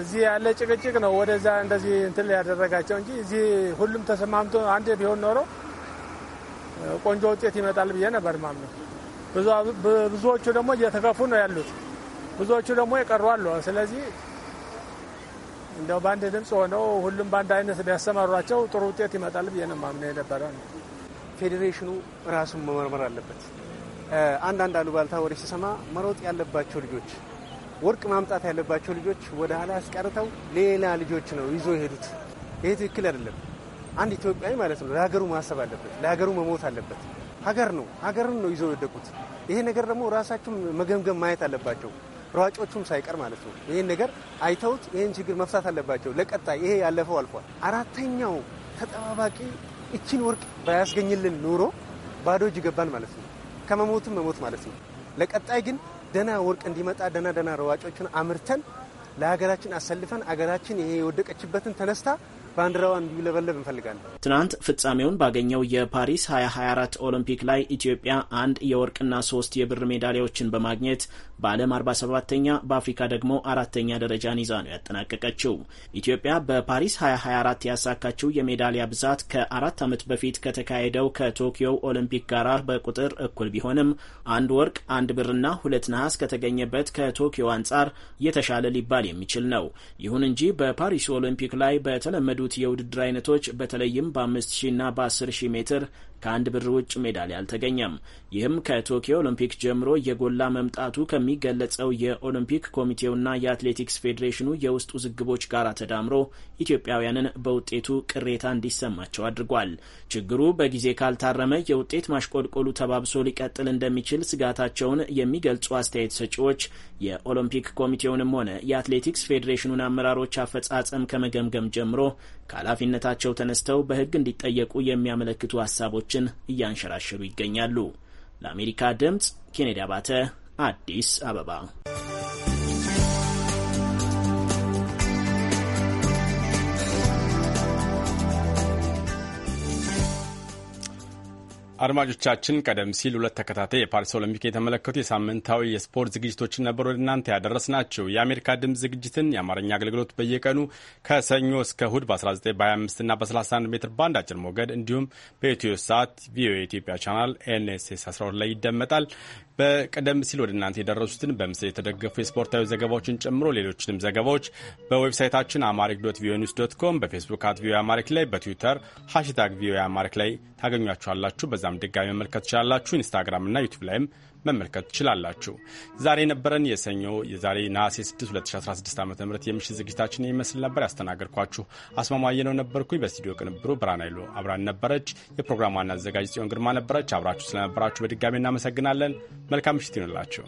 እዚህ ያለ ጭቅጭቅ ነው ወደዛ እንደዚህ እንትን ያደረጋቸው እንጂ እዚህ ሁሉም ተሰማምቶ አንድ ቢሆን ኖሮ ቆንጆ ውጤት ይመጣል ብዬ ነበር ማምነው። ብዙዎቹ ደግሞ እየተከፉ ነው ያሉት፣ ብዙዎቹ ደግሞ የቀሩ አሉ። ስለዚህ እንደው በአንድ ድምፅ ሆነው ሁሉም በአንድ አይነት ቢያሰማሯቸው ጥሩ ውጤት ይመጣል ብዬ ነው ማምነው የነበረ። ፌዴሬሽኑ ራሱን መመርመር አለበት። አንዳንድ አሉባልታ ወሬ ስሰማ መሮጥ ያለባቸው ልጆች ወርቅ ማምጣት ያለባቸው ልጆች ወደ ኋላ ያስቀርተው ሌላ ልጆች ነው ይዞ የሄዱት። ይሄ ትክክል አይደለም። አንድ ኢትዮጵያዊ ማለት ነው ለሀገሩ ማሰብ አለበት፣ ለሀገሩ መሞት አለበት። ሀገር ነው ሀገርን ነው ይዞ የወደቁት። ይሄ ነገር ደግሞ ራሳቸው መገምገም ማየት አለባቸው። ሯጮቹም ሳይቀር ማለት ነው። ይህን ነገር አይተውት ይህን ችግር መፍታት አለባቸው። ለቀጣይ ይሄ ያለፈው አልፏል። አራተኛው ተጠባባቂ እችን ወርቅ ባያስገኝልን ኑሮ ባዶ እጅ ገባን ማለት ነው። ከመሞትም መሞት ማለት ነው። ለቀጣይ ግን ደና ወርቅ እንዲመጣ ደና ደና ሯጮችን አምርተን ለሀገራችን አሰልፈን አገራችን ይሄ የወደቀችበትን ተነስታ ባንዲራዋ እንዲውለበለብ እንፈልጋለን። ትናንት ፍጻሜውን ባገኘው የፓሪስ 2024 ኦሎምፒክ ላይ ኢትዮጵያ አንድ የወርቅና ሶስት የብር ሜዳሊያዎችን በማግኘት በዓለም 47ተኛ በአፍሪካ ደግሞ አራተኛ ደረጃን ይዛ ነው ያጠናቀቀችው። ኢትዮጵያ በፓሪስ 2024 ያሳካችው የሜዳሊያ ብዛት ከአራት ዓመት በፊት ከተካሄደው ከቶኪዮ ኦሎምፒክ ጋር በቁጥር እኩል ቢሆንም አንድ ወርቅ፣ አንድ ብርና ሁለት ነሐስ ከተገኘበት ከቶኪዮ አንጻር የተሻለ ሊባል የሚችል ነው። ይሁን እንጂ በፓሪስ ኦሎምፒክ ላይ በተለመዱት የውድድር አይነቶች በተለይም በ5000ና በ10000 ሜትር ከአንድ ብር ውጭ ሜዳሊያ አልተገኘም። ይህም ከቶኪዮ ኦሎምፒክ ጀምሮ የጎላ መምጣቱ ከ ከሚገለጸው የኦሎምፒክ ኮሚቴውና የአትሌቲክስ ፌዴሬሽኑ የውስጥ ውዝግቦች ጋር ተዳምሮ ኢትዮጵያውያንን በውጤቱ ቅሬታ እንዲሰማቸው አድርጓል። ችግሩ በጊዜ ካልታረመ የውጤት ማሽቆልቆሉ ተባብሶ ሊቀጥል እንደሚችል ስጋታቸውን የሚገልጹ አስተያየት ሰጪዎች የኦሎምፒክ ኮሚቴውንም ሆነ የአትሌቲክስ ፌዴሬሽኑን አመራሮች አፈጻጸም ከመገምገም ጀምሮ ከኃላፊነታቸው ተነስተው በሕግ እንዲጠየቁ የሚያመለክቱ ሀሳቦችን እያንሸራሸሩ ይገኛሉ። ለአሜሪካ ድምጽ ኬኔዲ አባተ አዲስ አበባ። አድማጮቻችን ቀደም ሲል ሁለት ተከታታይ የፓሪስ ኦሎምፒክ የተመለከቱ የሳምንታዊ የስፖርት ዝግጅቶችን ነበር ወደ እናንተ ያደረስ ናቸው። የአሜሪካ ድምፅ ዝግጅትን የአማርኛ አገልግሎት በየቀኑ ከሰኞ እስከ እሁድ በ19 በ25 እና በ31 ሜትር ባንድ አጭር ሞገድ እንዲሁም በኢትዮ ሰዓት ቪኦኤ ኢትዮጵያ ቻናል ኤንኤስኤስ 12 ላይ ይደመጣል። በቀደም ሲል ወደ እናንተ የደረሱትን በምስል የተደገፉ የስፖርታዊ ዘገባዎችን ጨምሮ ሌሎችንም ዘገባዎች በዌብሳይታችን አማሪክ ዶት ቪኦኤ ኒውስ ዶት ኮም፣ በፌስቡክ አት ቪኦኤ አማሪክ ላይ፣ በትዊተር ሃሽታግ ቪኦኤ አማሪክ ላይ ታገኟችኋላችሁ። በዛም ድጋሚ መመልከት ትችላላችሁ። ኢንስታግራም እና ዩቱብ ላይም መመልከት ትችላላችሁ። ዛሬ የነበረን የሰኞ የዛሬ ነሐሴ 6 2016 ዓ ም የምሽት ዝግጅታችን ይመስል ነበር። ያስተናገድኳችሁ አስማማየ ነው ነበርኩኝ። በስቱዲዮ ቅንብሩ ብርሃን ኃይሉ አብራን ነበረች። የፕሮግራም ዋና አዘጋጅ ጽዮን ግርማ ነበረች። አብራችሁ ስለነበራችሁ በድጋሚ እናመሰግናለን። መልካም ምሽት ይሆንላችሁ።